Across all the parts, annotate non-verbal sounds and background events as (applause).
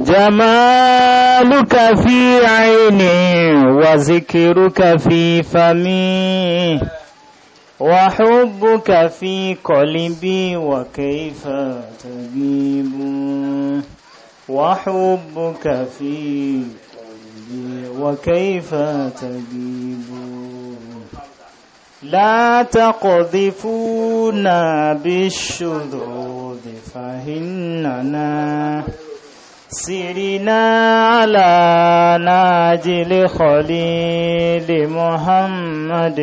جمالك في عيني وذكرك في فمي وحبك في قلبي وكيف تجيب وحبك في قلبي وكيف تجيب لا تقذفونا بالشذوذ فهننا سيرنا على ناجل خليل محمد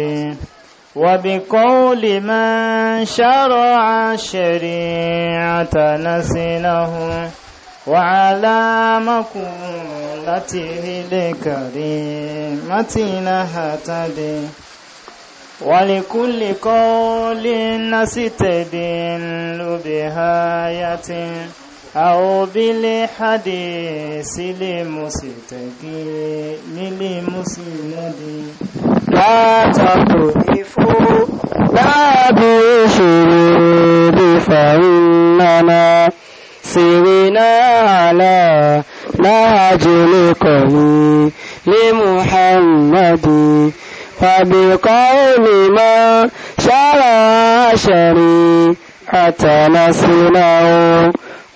وبقول من شرع شريعة نسنه وعلى مقولته لكريمة نهتدي ولكل قول نستدل بهاية أو بالحديث المستقيم للمسند لا تطرفوا لا بشرور فإننا سرنا على نهج القوي لمحمد فبقول ما شرع شريعتنا سنه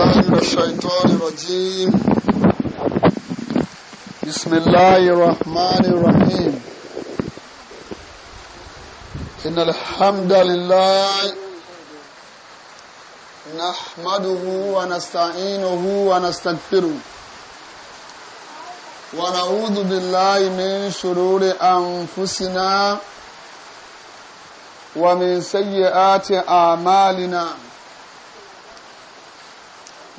الله من الشيطان الرجيم بسم الله الرحمن الرحيم إن الحمد لله نحمده ونستعينه ونستغفره ونعوذ بالله من شرور أنفسنا ومن سيئات أعمالنا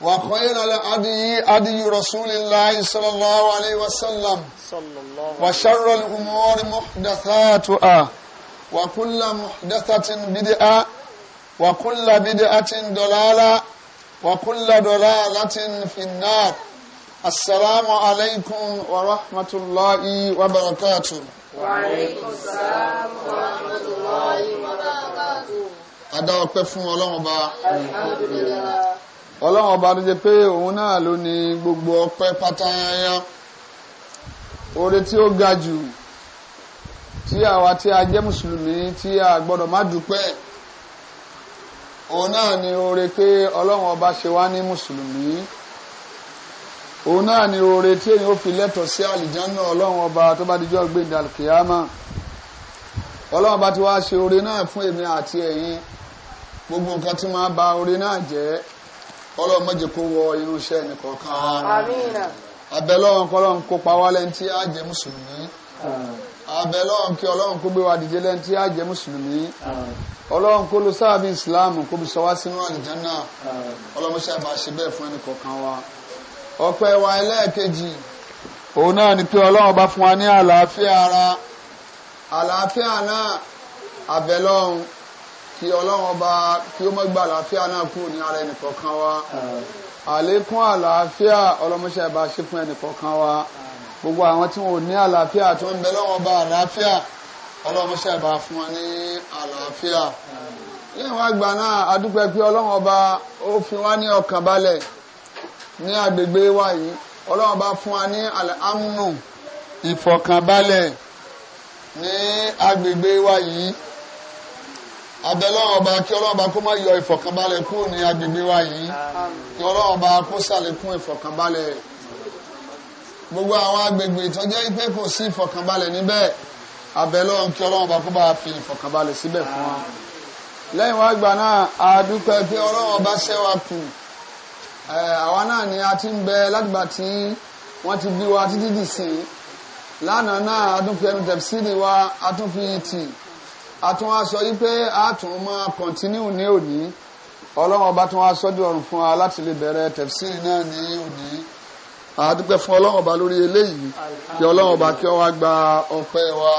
وخير الأدي أدي رسول الله صلى الله عليه وسلم وشر الأمور محدثاتها وكل محدثة بدعة وكل بدعة ضلالة وكل ضلالة في النار السلام عليكم ورحمة الله وبركاته وعليكم السلام ورحمة الله وبركاته أدعو كفو ولوم با ọlọ́run ọba tó jẹ́ pé òun náà ló ní gbogbo ọpẹ́ pátáyáyá oore tí ó ga jù tí àwa tí a jẹ́ mùsùlùmí tí a gbọ́dọ̀ má dúpẹ́ òun náà ni oore pé ọlọ́run ọba ṣe wá ní mùsùlùmí òun náà ni oore tí èyí ó fi lẹ́tọ̀ọ́ sí àlìjáná ọlọ́run ọba tó bá dijọ́ gbẹ̀dẹ̀ àlùkìyámà ọlọ́run ọba ti wá ṣe oore náà fún èmi àti ẹ̀yin gbogbo nǹkan tí máa ba oore náà jẹ́ ọlọ́run má jẹ́ kó wọ inú iṣẹ́ ẹnì kọ̀ọ̀kan abẹ́lọ́run kọ́lọ́run kó pa wá lẹ́ni tí á jẹ́ mùsùlùmí abẹ́lọ́run kí ọlọ́run kó gbé wa dìde lẹ́ni tí á jẹ́ mùsùlùmí ọlọ́run kó lo sáàbì ìsìláàmù kó bí sọ sínú àlìjánná ọlọ́run ṣe àbá ṣe bẹ́ẹ̀ fún ẹnì wa ọpẹ́ wa ẹlẹ́ẹ̀kejì òun náà ni pé ọlọ́run bá fún wa ní àlàáfíà ara àlàáfíà náà abẹ́lọ́run kí ọlọ́run ọba kí ó mọ́ gba àlàáfíà náà kúrò ní ara ẹnìkọ̀ọ̀kan wa àlékún àlàáfíà ọlọ́mọṣẹ́ bá ṣe fún ẹnìkọ̀ọ̀kan wa gbogbo àwọn tí wọn ò ní àlàáfíà tó ń bẹ lọ́wọ́ bá àlàáfíà ọlọ́mọṣẹ́ bá fún wọn ní àlàáfíà lẹ́yìn wá gbà náà adúpẹ́ pé ọlọ́run ọba ó fi wá ní ọkàn balẹ̀ ní agbègbè wa yìí ọlọ́run ọba fún wa ní àmúnù ìfọ̀kànbalẹ̀ ní agbègbè wa yìí abẹ́lọ́wọ́ bá kí ọlọ́wọ́ bá kó má yọ ìfọ̀kànbalẹ̀ kúrò ní agbègbè wa yìí kí ọlọ́wọ́ bá kó ṣàlékún ìfọ̀kànbalẹ̀ gbogbo àwọn agbègbè tó jẹ́ pé kò sí ìfọ̀kànbalẹ̀ níbẹ̀ abẹ́lọ́wọ́ kí ọlọ́wọ́ kó bá fi ìfọ̀kànbalẹ̀ síbẹ̀ fún wa. lẹ́yìn wá gbà náà a pé ọlọ́wọ́ ṣẹ́ wa kù àwa náà ni a ti ń bẹ látìgbà tí wọ́n ti bí wa títí dì sí lánàá náà a tún fi ẹnu wa a tún fi àtún wá sọ wípé àtún máa kọ̀ntínú ní òní ọlọ́run ọba tún wá sọ́dí ọ̀run fún wa láti lè bẹ̀rẹ̀ tẹ̀fsírì náà ní òní àdúpẹ́ fún ọlọ́run ọba lórí eléyìí kí ọlọ́run ọba kí ó wá gba ọpẹ́ wa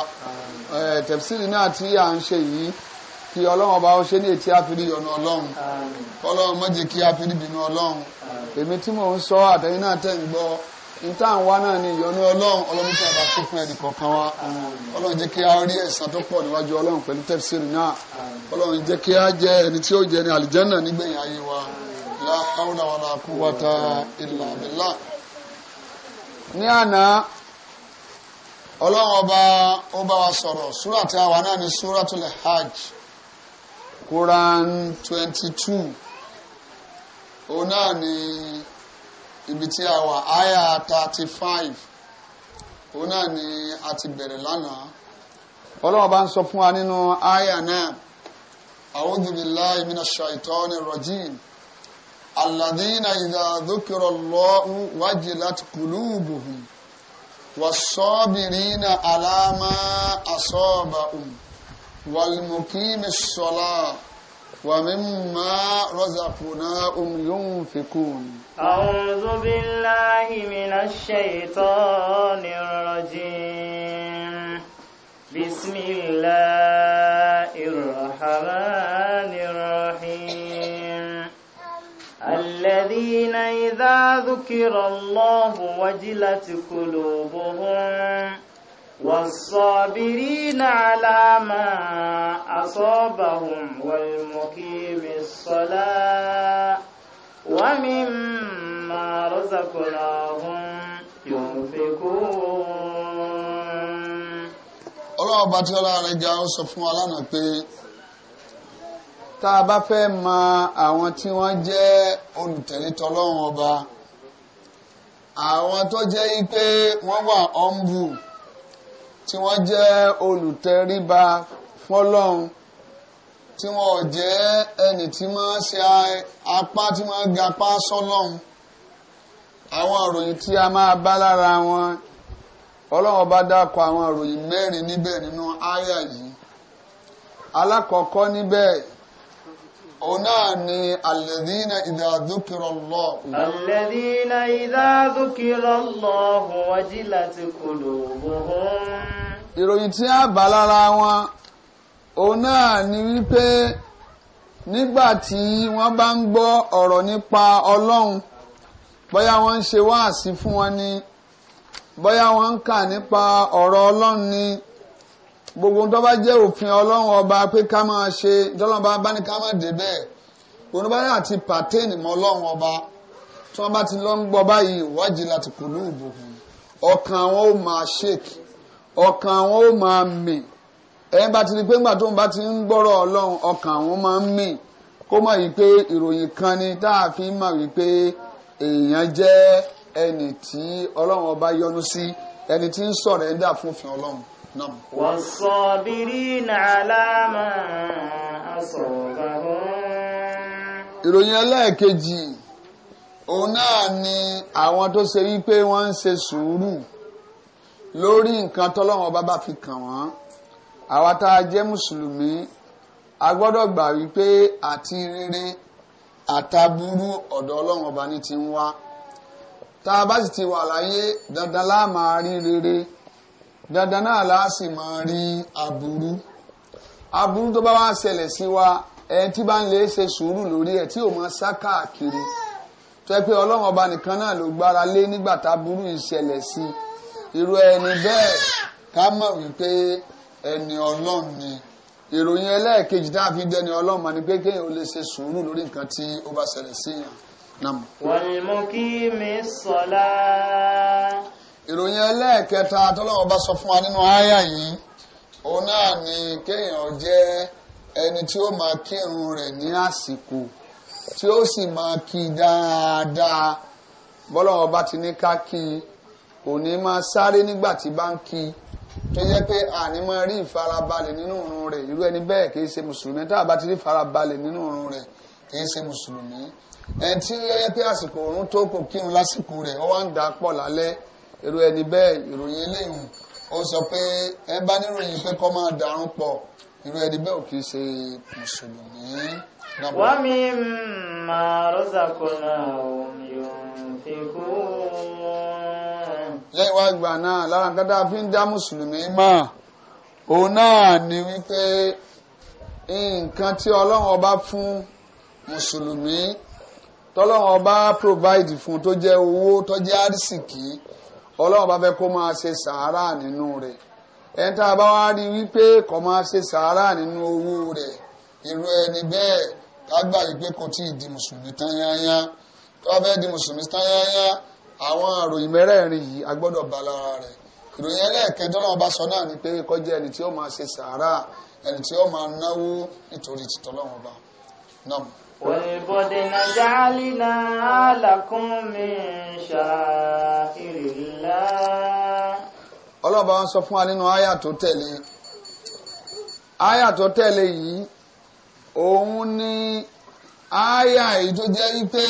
tẹ̀fsírì náà tí à ń ṣe yìí kí ọlọ́run ọba ṣe ní ètí àfírí ọ̀nà ọlọ́run ọlọ́run má jẹ́ kí àfírí bínú ọlọ́run èmi tí mò ń sọ àtẹ̀yìn náà tẹ̀ ń gbọ́ níta ń wá náà ni ìyọnu ọlọ́run ọlọ́run tí a bá kó fún ẹnì kọ̀ọ̀kan wa ọlọ́run jẹ́ kí a rí ẹ̀san tó pọ̀ níwájú ọlọ́run pẹ̀lú tafsiri náà ọlọ́run jẹ́ kí a jẹ́ ẹni tí ó jẹ́ ní àlìjẹ́nà nígbẹ̀yìn ayé wa la hawla wala quwwata illa billah. ní àná ọlọ́run ọba ó bá wa sọ̀rọ̀ súrà tí a náà ni súratul hajj Quran twenty two òun náà ni ibi tí a wà àyà thirty five òun náà ni a ti bẹ̀rẹ̀ lánàá ọlọ́run bá ń sọ fún wa nínú àyà náà a'udhu billahi minash shaitani rajim alladhina idha dhukira Allahu wajilat qulubuhum was-sabirina ala ma asabahum والمقيم الصلاة ومما رزقناهم ينفقون أعوذ بالله من الشيطان الرجيم بسم الله الرحمن الرحيم الذين إذا ذكر الله وجلت قلوبهم والصابرين على ما أصابهم والمقيم الصلاة ومما رزقناهم ينفقون ọlọ́run ọba tí ọlọ́run rẹ̀ ga ó sọ fún wa lánàá pé tá a bá fẹ́ mọ àwọn tí wọ́n jẹ́ olùtẹ̀lé tọlọ́run ọba àwọn tó jẹ́ pé wọ́n wà humble tí wọ́n jẹ́ olùtẹríba fọlọ́run tí wọ́n jẹ́ ẹni tí máa ṣe apá tí máa gapá sọ́lọ́run àwọn ìròyìn tí a máa bá lára wọn ọlọ́run ọba dákọ̀ àwọn ìròyìn mẹ́rin níbẹ̀ nínú àyà yìí alákọ̀ọ́kọ́ níbẹ̀ òun náà ni alẹ́dínà ìdádúkìrọ̀ lọ. alẹ́dínà ìdádúkìrọ̀ lọ wọ́n jí láti kòlò gbogbo. ìròyìn tí a bá lára wọn òun náà ni wípé nígbà tí wọ́n bá ń gbọ́ ọ̀rọ̀ nípa ọlọ́run bóyá wọ́n ń ṣe wáàsí fún wọn ni bóyá wọ́n ń kà nípa ọ̀rọ̀ ọlọ́run ni gbogbo tó bá jẹ́ òfin ọlọ́run ọba pé ká máa ṣe jọ́lọ́run bá bá ní ká má dé bẹ́ẹ̀ òun bá náà ti pàtẹ́ẹ̀nì mọ́ ọlọ́run ọba tí wọ́n bá ti lọ ń gbọ́ báyìí ìwádìí láti kò ní ìbò ọkàn wọn ó máa ṣèkì ọkàn wọn ó máa mì ẹ bá ti rí pé ńgbà tó ń bá ti ń gbọ́rọ̀ ọlọ́run ọkàn àwọn máa ń mì kó mọ̀ wípé ìròyìn kan ni tá a fi mọ̀ wípé èèyàn jẹ́ ẹni tí ọlọ́run ọba yọ́nú sí ẹni tí ń sọ̀rọ̀ ẹ̀dá fúnfin ọlọ́run náà. wasabirina ala ma asabahum. ìròyìn ẹlẹ́ẹ̀kejì òun náà ni àwọn tó ṣe wípé wọ́n ń ṣe sùúrù lórí nǹkan tọ́lọ́run ọba bá fi kàn wọ́n àwa tá a jẹ́ mùsùlùmí a gbọ́dọ̀ gbà wípé àti rere àtàbúrú ọ̀dọ̀ ọlọ́run ọba ní ti ń wá tá a bá sì ti wà láyé dandan láà máa rí rere dandan náà láà sì máa rí aburú aburú tó bá wá ṣẹlẹ̀ sí wa ẹni tí bá ń lè ṣe sùúrù lórí ẹ̀ tí ò máa sá káàkiri tó pé ọlọ́run ọba nìkan náà ló gbára lé nígbà tá aburú yìí ṣẹlẹ̀ sí irú ẹni bẹ́ẹ̀ ká mọ̀ wípé ẹni ọlọ́run ni ìròyìn ẹlẹ́ẹ̀kejì a fi dẹni ọlọ́run ni pé kéèyàn lè ṣe sùúrù lórí nǹkan tí ó bá ṣẹlẹ̀ síyàn nam. wàlmùkìmí sọlá. ìròyìn ẹlẹ́ẹ̀kẹta sọ fún wa nínú àyà yìí òun náà ni kéèyàn jẹ́ ẹni tí rẹ̀ ní àsìkò tí ó sì máa kí dáadáa bọ́lọ́wọ́ bá ti ní òní máa sáré nígbà bá ń kí tó yẹ pé àní máa rí ìfarabalẹ̀ nínú òrùn rẹ̀ irú ẹni bẹ́ẹ̀ kì í ṣe mùsùlùmí tá a bá ti rí ìfarabalẹ̀ nínú òrùn rẹ̀ kì í ṣe mùsùlùmí ẹni tí ó yẹ pé àsìkò òrùn tó kò kírun lásìkò rẹ̀ ó wá ń dà pọ̀ lálẹ́ irú ẹni bẹ́ẹ̀ ìròyìn eléyìí ó sọ pé ẹ bá níròyìn pé kọ́ máa dàrún pọ̀ irú ẹni bẹ́ẹ̀ kì í ṣe mùsùlùmí. wàmí màá rọ́ṣàkóná òun yóò fi kú lẹ́yìn wá gbà náà lára nǹkan tá a fi ń dá mùsùlùmí mọ̀ òun náà ni wípé nǹkan tí ọlọ́run ọba fún mùsùlùmí tọ́lọ́run ọba provide fún tó jẹ́ owó tó jẹ́ àrísìkí ọlọ́run ọba fẹ́ kó máa ṣe sàárà nínú rẹ̀ ẹni tá a bá wá rí wípé kò máa ṣe sàárà nínú owó rẹ̀ irú ẹni bẹ́ẹ̀ ká gbà wípé kò tí ì di mùsùlùmí tán yányá tó bá fẹ́ di mùsùlùmí tán yányá àwọn àròyìn mẹ́rẹ̀ẹ̀rin yìí a gbọ́dọ̀ bá lára rẹ̀ ìròyìn ẹlẹ́ẹ̀kẹjọ náà bá sọ náà ni pé kó jẹ́ ẹni tí ó máa ṣe sàárà ẹni tí ó máa náwó nítorí títọ́ lọ́wọ́ bá náà. ولقد نجعلنا لكم من شعائر ọlọ́ba ń sọ fún wa nínú àyà tó tẹ̀lé àyà tó tẹ̀lé yìí òun ni àyà èyí tó jẹ́ wípé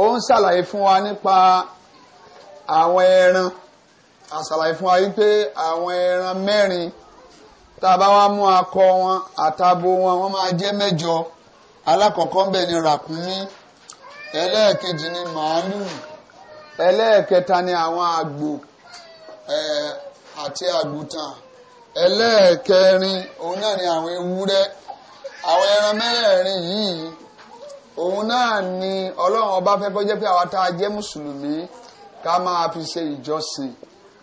ó ń ṣàlàyé fún wa nípa àwọn ẹran àṣàlàyé fún wa wípé àwọn ẹran mẹ́rin tá a bá wá mú akọ wọn àtabo wọn wọ́n máa jẹ́ mẹ́jọ alákọ̀ọ́kọ́ ń bẹ̀ ni ràkúnmí ẹlẹ́ẹ̀kejì ni màálùú ẹlẹ́ẹ̀kẹta ni àwọn àgbò àti àgùntàn ẹlẹ́ẹ̀kẹrin òun náà ni àwọn ewúrẹ́ àwọn ẹran mẹ́rẹ̀ẹ̀rin yìí òun náà ni ọlọ́run ọba fẹ́ kọjá pé àwa tá a jẹ́ mùsùlùmí ká máa fi ṣe ìjọsìn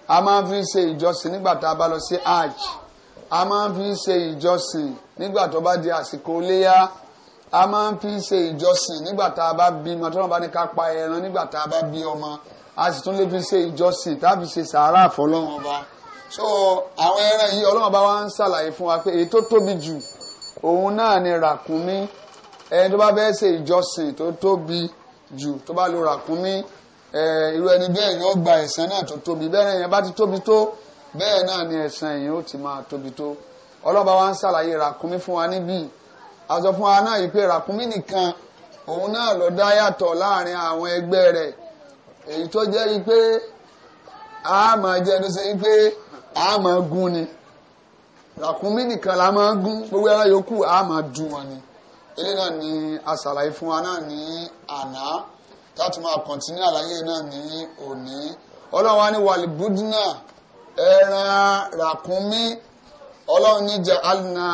a máa fi ṣe ìjọsìn nígbà tá a bá lọ sí hajj a máa fi ṣe ìjọsìn nígbà tó bá di àsìkò léyà a máa fi ṣe ìjọsìn nígbà tá a bá bímọ tó náà bá ní ká pa ẹran nígbà tá a bá bí ọmọ a sì tún lè fi ṣe ìjọsìn tá a fi ṣe sàárà fọlọ́run ọba so àwọn ẹran yìí ọlọ́run ọba wa ń ṣàlàyé fún wa pé èyí tó tóbi jù òun náà ni ràkúnmí ẹni tó bá fẹ́ ṣe ìjọsìn tó tóbi jù tó bá lo ràkúnmí irú ẹni bẹ́ẹ̀ yóò gba ẹ̀san náà tó tóbi bẹ́ẹ̀ yẹn bá ti tóbi tó bẹ́ẹ̀ náà ni ẹ̀san yẹn ó ti máa tóbi tó ọlọ́ba wa ń ṣàlàyé ràkúnmí fún wa níbí a sọ fún wa náà yìí pé ràkúnmí nìkan òun náà ló dá yàtọ̀ láàrin àwọn ẹgbẹ́ rẹ̀ èyí tó jẹ́ yìí a máa jẹ́ ẹni sẹ́yìn pé a máa gún ni ràkúnmí nìkan la máa gún gbogbo ẹran yòókù a máa dùn wọn ni ilé náà ni aṣàlàyé fún wa náà ní àná táti máa kọ̀ntínú àlàyé náà ní òní ọlọ́run wa ní wàlìbúdínà ẹran ràkúnmí ọlọ́run ní jẹ́ alìnà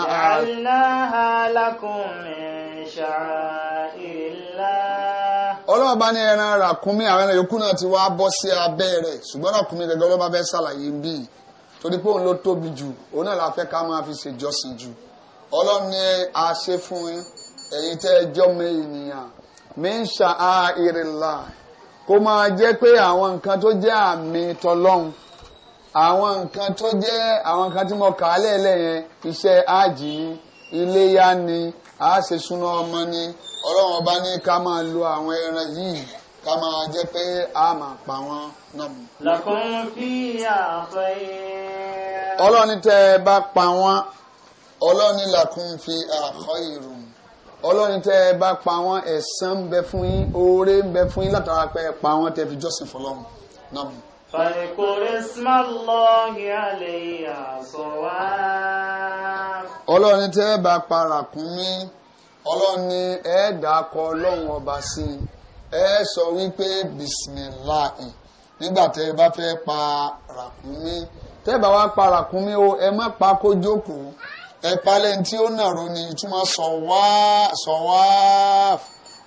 ọlọ́run bá ní ẹran ràkúnmí àwọn ẹran náà ti wá bọ́ sí abẹ́ rẹ̀ ṣùgbọ́n ràkúnmí gẹ́gẹ́ ọlọ́ba fẹ́ ṣàlàyé bíi torí pé òun ló tóbi jù òun náà la fẹ́ ká máa fi ṣèjọsìn jù ọlọ́run ní a ṣe fún yín ẹ̀yin tẹ́ ẹ jọ́mọ ènìyàn mi ń ṣa àìrìlà kó máa jẹ́ pé àwọn nǹkan tó jẹ́ àmì tọlọ́hun àwọn nǹkan tó jẹ́ àwọn nǹkan tí mo kà á lẹ́ẹ̀lẹ́ yẹn iṣẹ́ ájì ni iléyá ni a ṣe súná ọmọ ni ọlọ́run ọba ní ká máa lo àwọn ẹran yìí ká máa jẹ́ pé a máa pa wọ́n náà. làkún fi àfẹ́ yẹn. tẹ́ ẹ bá pa wọ́n ọlọ́run làkún fi àkọ́ ìrù ọlọ́run tẹ́ ẹ bá pa wọ́n ẹ̀san ń bẹ fún yín oore ń bẹ fún yín látara pé ẹ pa wọ́n tẹ́ fi jọ́sìn fọlọ́run náà. ọlọ́run tẹ́ ẹ bá para kún mí ọlọ́run ni ẹ dàkọ ọlọ́run ọba sí i ẹ sọ wípé bisimilahi nígbà tẹ́ ẹ bá fẹ́ pa ràkúnmí tẹ́ ẹ bá wá pa ràkúnmí o ẹ má pa kó jókòó ẹ̀pálẹ̀ tí ó nàró ni ìtumọ̀ sọ̀wáàf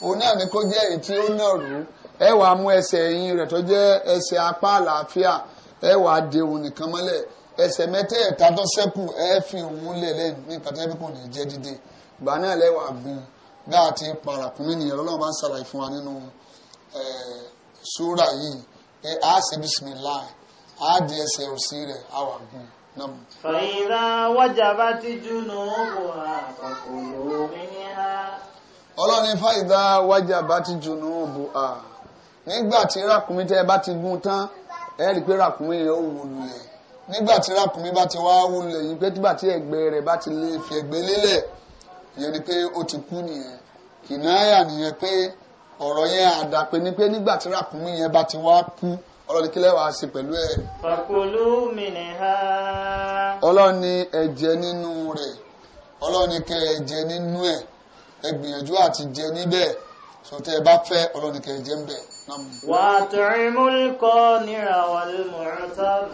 òun náà ni kó jẹ́ èyí tí ó nàró ẹ wàá mú ẹsẹ̀ ẹ̀yìn rẹ̀ tó jẹ́ ẹsẹ̀ apá àlàáfíà ẹ wàá de òun nìkan mọ́lẹ̀ ẹsẹ̀ mẹ́tẹ̀ẹ̀ta tó sẹ́kù ẹ fi òun lẹ̀ lẹ́nu ní nǹkan tó yẹ kó lè jẹ́ dídé ìgbà náà lẹ́wàá gun bí a ti parakùnmí nìyẹn ọlọ́run bá ń ṣàlàyé fún wa nínú súrà yìí a ṣe bisimilahi a di ẹsẹ̀ òsì rẹ̀ a wà gun نعم فإذا وجبت جنوبها فكلوا منها ọlọ́run ní fàìdá wájà bá ti jùnú bù á nígbà tí ràkúnmí tẹ́ bá ti gún tán ẹ rí i pé ràkúnmí yẹn ò wò lulẹ̀ nígbà tí ràkúnmí bá ti wá wò lulẹ̀ yìí pé tígbà tí ẹ̀gbẹ́ rẹ̀ bá ti lè fi ẹ̀gbẹ́ lélẹ̀ yẹn ni pé ó ti kú nìyẹn kìnnáyà nìyẹn pé ọ̀rọ̀ yẹn àdàpé ni pé nígbà tí ràkúnmí yẹn bá ti wá kú ọlọ́ni kílẹ̀ wàá ṣe pẹ̀lú ẹ̀. fàkùlù mìnìhà. ọlọ́ni ẹ jẹ nínú rẹ̀ ọlọ́ni kẹ́ ẹ jẹ nínú ẹ̀ ẹ gbìyànjú àti jẹ níbẹ̀ sọtẹ́ ẹ bá fẹ́ ọlọ́ni kẹ́ ẹ jẹ níbẹ̀. wà á tẹ̀rímú kọ́ nira wàlú mọ̀ọ́tàbù.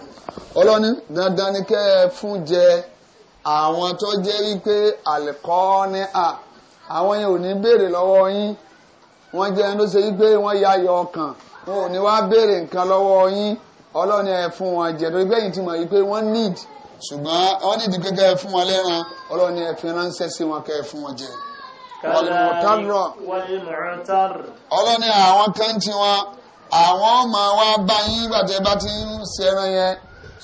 ọlọ́ni dandan ni kẹ́ ẹ fún jẹ àwọn tó jẹ́ wípé àlẹ́kọ́ ní à àwọn yẹn ò ní béèrè lọ́wọ́ yín wọ́n jẹ́ ẹni tó ṣe wípé wọ́n yá yọ ọkàn wọn ò ní wá béèrè nǹkan lọ́wọ́ yín ọlọ́ni ẹ fún wọn jẹ lórí bẹ́yìn tí mo rí pé wọ́n need ṣùgbọ́n wọ́n need gẹ́gẹ́ fún wọn lẹ́ran ọlọ́ni ẹ fi ránṣẹ́ sí wọn kẹ́ ẹ fún wọn jẹ. ọlọ́ni àwọn kan wọn àwọn ọmọ wa bá yín gbàtẹ́ bá ti ń ṣẹran yẹn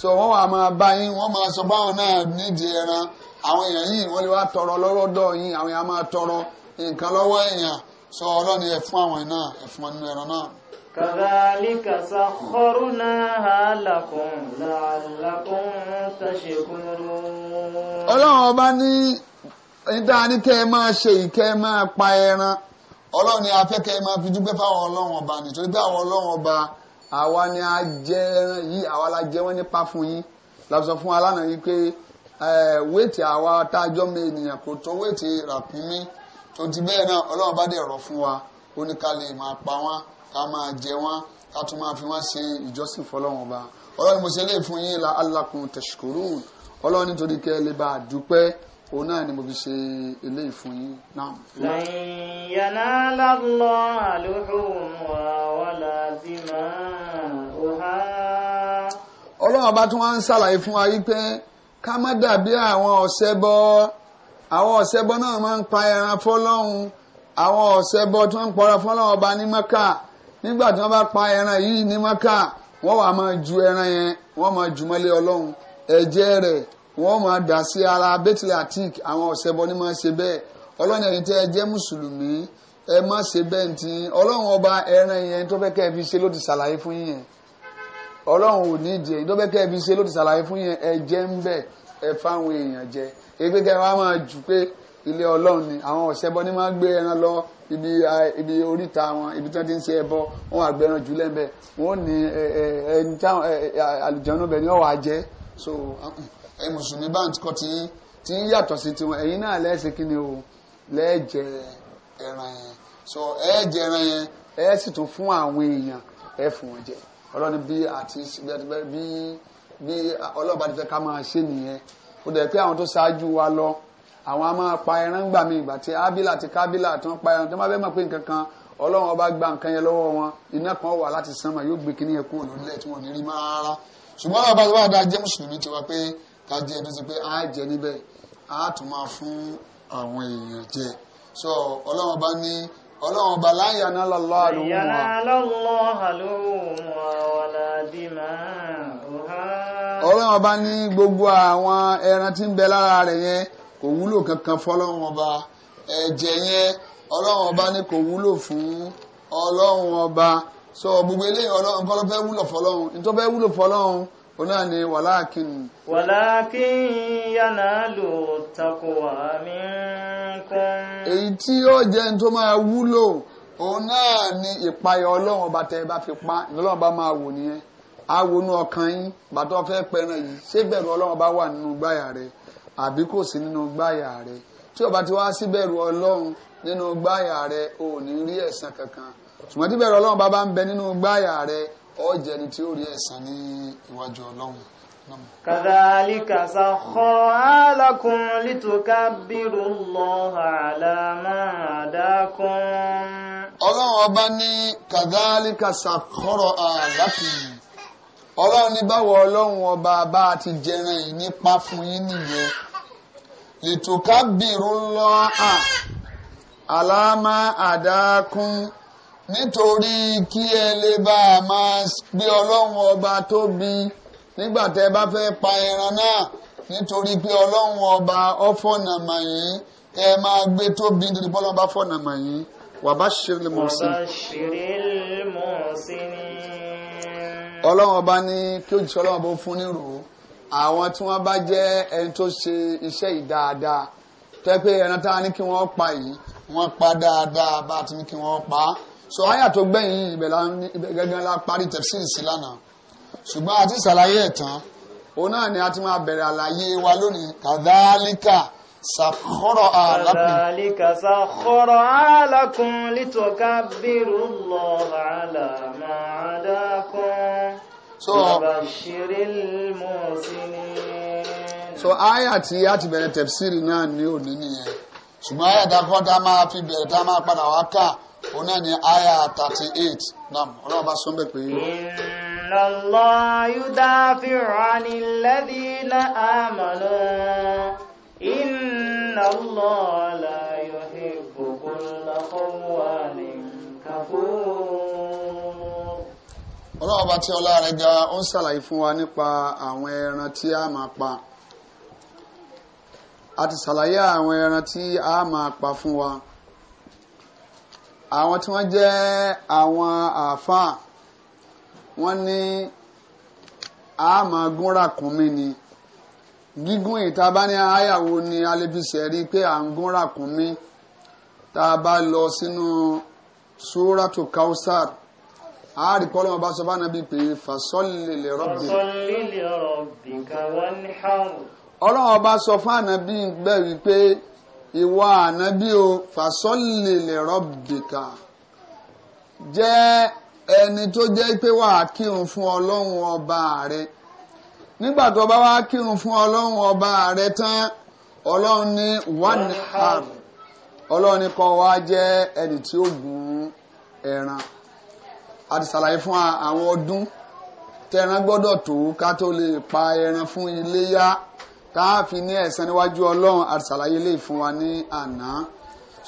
so wọ́n wà máa bá yín wọ́n máa sọ báwọn náà nídìí ẹran àwọn èèyàn yìí wọ́n lè wá tọrọ lọ́rọ́dọ̀ yín àwọn èèyàn máa tọrọ nǹkan lọ́wọ́ èèyàn so ọlọ́ni ẹ fún àwọn náà ẹ fún ẹran náà. كذلك سخرناها لكم لعلكم تشكرون ọlọ́run ọba ní ẹ máa ṣe ìkẹ́ ẹ máa pa ẹran ọlọ́run ni afẹ́ kẹ́ ẹ máa fi dúpẹ́ fáwọn ọlọ́run ọba nítorí pé àwọn ọlọ́run ọba àwa ni a jẹ ẹran yìí àwa la jẹ wọ́n nípa fún yín làbùsọ̀ fún alánà yìí pé wéètì àwa tá a jọ́ mi ènìyàn kò tó wéètì ràkúnmí tó ti bẹ́ẹ̀ náà ọlọ́run bá dẹ̀ rọ̀ fún wa ó máa pa wọ́n ká máa jẹ wọ́n ká tún máa fi wọ́n ṣe ìjọsìn fọlọ́wọ́n ọba ọlọ́run mo ṣe lè fún yín la alákun tẹ̀síkòrún ọlọ́run nítorí kẹ́ lè bá a dúpẹ́ òun náà ni mo fi ṣe eléyìí fún yín náà. lan yanala Allaha luhumuha wala dima'uha. ọlọ́run ọba tí wọ́n ń ṣàlàyé fún wa yìí pé ká má dàbí àwọn ọ̀ṣẹbọ àwọn ọ̀ṣẹbọ náà máa ń pa ẹran fọlọ́run àwọn ọ̀ṣẹbọ tí wọ́n ń pọ̀ra fọlọ́run ọba ní Mẹ́kà nígbà tí wọ́n bá pa ẹran yìí ní maka wọ́n wàá máa ju ẹran yẹn wọ́n máa jù mọ́lé ọlọ́run ẹ̀jẹ̀ rẹ̀ wọ́n máa dà sí ara bethel atik àwọn ọ̀sẹ̀bọ ní máa ṣe bẹ́ẹ̀ ọlọ́run ẹ̀yin tẹ́ ẹ jẹ́ mùsùlùmí ẹ má ṣe bẹ́ẹ̀ ntí ọlọ́run ọba ẹran yẹn tó fẹ́ kẹ́ ẹ fi ṣe ló ti ṣàlàyé fún yín ọlọ́run ò ní ìdí tó fẹ́ kẹ́ ẹ fi ṣe ló ti ṣàlàyé fún yín ẹ ń bẹ̀ ẹ fáwọn èèyàn jẹ èyí pé máa jù pé ilé ọlọ́run ni àwọn ọ̀sẹ̀bọ ní máa gbé ẹran lọ ibi ibi oríta wọn ibi tí wọ́n ti ń ṣe ẹbọ wọn àgbẹran jù lẹ́ńbẹ̀ wọn ní ẹni táwọn àlùjọ́nù bẹ̀ ni wọ́n wàá jẹ́ so mùsùlùmí bá ń kọ́ ti ń yàtọ̀ sí tiwọn ẹ̀yin náà lẹ́sìn kí ni o lẹ́ẹ̀jẹ̀ ẹran yẹn so ẹ̀ẹ́jẹ̀ ẹran yẹn ẹ̀ sì tún fún àwọn èèyàn ẹ̀ fún wọn jẹ ọlọ́ni bí àti bí ọlọ́ọ̀bá ti fẹ́ ká máa ṣe nìyẹn ó dẹ̀ pé àwọn tó ṣáájú wa lọ àwọn a máa pa ẹran gbà mí ìgbà tí abila àti kabila tí wọ́n pa ẹran tí wọ́n bá fẹ́ mọ̀ pé nǹkan kan ọlọ́run ọba gba nǹkan yẹn lọ́wọ́ wọn iná kan wà láti sánmà yóò gbé kíní yẹn kúrò lórílẹ̀ tí wọ́n ní rí máa rárá ṣùgbọ́n bàbá tó bá dáa jẹ́ mùsùlùmí ti wá pé ká jẹ́ ẹni tó ti pé á jẹ níbẹ̀ á tún máa fún àwọn èèyàn jẹ so ọlọ́run ọba ní ọlọ́run ọba láyà náà lọ́lọ́ àlùmọ́ ọlọ́run ọba ní gbogbo àwọn ẹran tí ń bẹ lára rẹ̀ yẹn kò wúlò kankan fọlọ́run ọba ẹ̀jẹ̀ yẹn ọlọ́run ọba ní kò wúlò fún ọlọ́run ọba sọ gbogbo eléyìí ọlọ́run kọ́ ló fẹ́ wúlò fọlọ́run nítorí fẹ́ wúlò fọlọ́run òun náà ni wàláàkìn. wàláàkìn yànnà lò takùwà minkum. èyí tí yóò jẹ́ ní tó máa wúlò òun náà ni ìpayà ọlọ́run ọba tẹ́ ẹ bá fi pa ìlọ́run ọba máa wò nìyẹn á wọnú ọkàn yín bàtọ́ fẹ́ pẹran yìí ṣé bẹ̀rù ọlọ́run ọba wà nínú gbáyà rẹ̀ àbí kò sí nínú gbáyà rẹ tí o bá ti wá síbẹ̀rù ọlọ́run nínú gbáyà rẹ ò ní rí ẹ̀san kankan ṣùgbọ́n tí bẹ̀rù ọlọ́run bá ń bẹ nínú gbáyà rẹ ó ni tí ó rí ẹ̀san ní iwájú ọlọ́run. كذلك سخرها لكم لتكبروا الله على ما هداكم ọlọ́run ọba ní kàdálíkà sàkọ́rọ̀ àlákì ọlọ́run ní báwo ọlọ́run ọba bá ti jẹran yìí fún yín nìyẹn lìtùkábìrú lọ́à àlámà àdákún nítorí kí ẹ lè bá a máa gbé ọlọ́run ọba tóbi nígbà tẹ́ bá fẹ́ pa ẹran náà nítorí pé ọlọ́run ọba ọ̀fọ̀nà màyín kẹ́ ẹ máa gbé tóbi nítorí pé ọlọ́run ọba fọ̀nà màyín wà bá ṣeré mọ̀ sí i. ọlọ́run ọba ní kí òjìṣẹ́ ọlọ́run ọba fún nírò ó àwọn tí wọ́n bá jẹ́ ẹni tó ṣe iṣẹ́ yìí dáadáa tẹ́ pé ẹran tá a ní kí wọ́n pa yìí wọ́n pa dáadáa bá a ti ní kí wọ́n pa á so àyà tó gbẹ̀yìn ibẹ̀ gẹ́gẹ́ la parí tafsir sí lánàá ṣùgbọ́n a ti ṣàlàyé ẹ̀ tán òun náà ni a ti máa bẹ̀rẹ̀ àlàyé wa lónìí kàdálíkà sàkọ́rọ̀ àlákùn. kàdálíkà sàkọ́rọ̀ àlákùn lítọ́ká bírù lọ́ọ̀ àlàmọ́ àdákùn. so so aya tí a ti bẹ̀rẹ̀ tẹ̀síìrì náà ní òní nìyẹn ṣùgbọ́n aya dákọ́ tá máa fi bẹ̀rẹ̀ tá máa padà wá kà òun náà aya thirty eight náà ọlọ́run bá sọ́n pé. ọlọ́wọ́ bá tí ọlá rẹ̀ ga ó ń ṣàlàyé fún wa nípa àwọn ẹran tí a máa pa a ti ṣàlàyé àwọn ẹran tí a máa pa fún wa àwọn tí wọ́n jẹ́ àwọn àáfàá wọ́n ní a máa gún ràkúnmí ni gígùn ìta bá ní àyàwó ni a lè fi ṣẹ̀rí pé à ń gún ràkúnmí tá a bá lọ sínú Suratu Kausar àárí kọ́lọ́ ọba sọ fáwọn ẹbí pé fasọ́lì lè rọ́bì. fasọ́lì lè rọ́bì kàwá ní hàrù. ọlọ́run ọba sọ fún ànábì bẹ́ẹ̀ wípé ìwà ànábì o fasọ́lì lè rọ́bì kà jẹ́ ẹni tó jẹ́ pé wàá kírun fún ọlọ́run ọba rẹ nígbà tó bá wá kírun fún ọlọ́run ọba rẹ tán ọlọ́run ní one hàrù ọlọ́run kọ́ wa jẹ́ ẹni tí ó gún ẹran a ti ṣàlàyé fún àwọn ọdún tẹran gbọ́dọ̀ tó ká tó lè pa ẹran fún iléyá káàfi ní ẹ̀san níwájú ọlọ́run a ti ṣàlàyé lè fún wa ní àná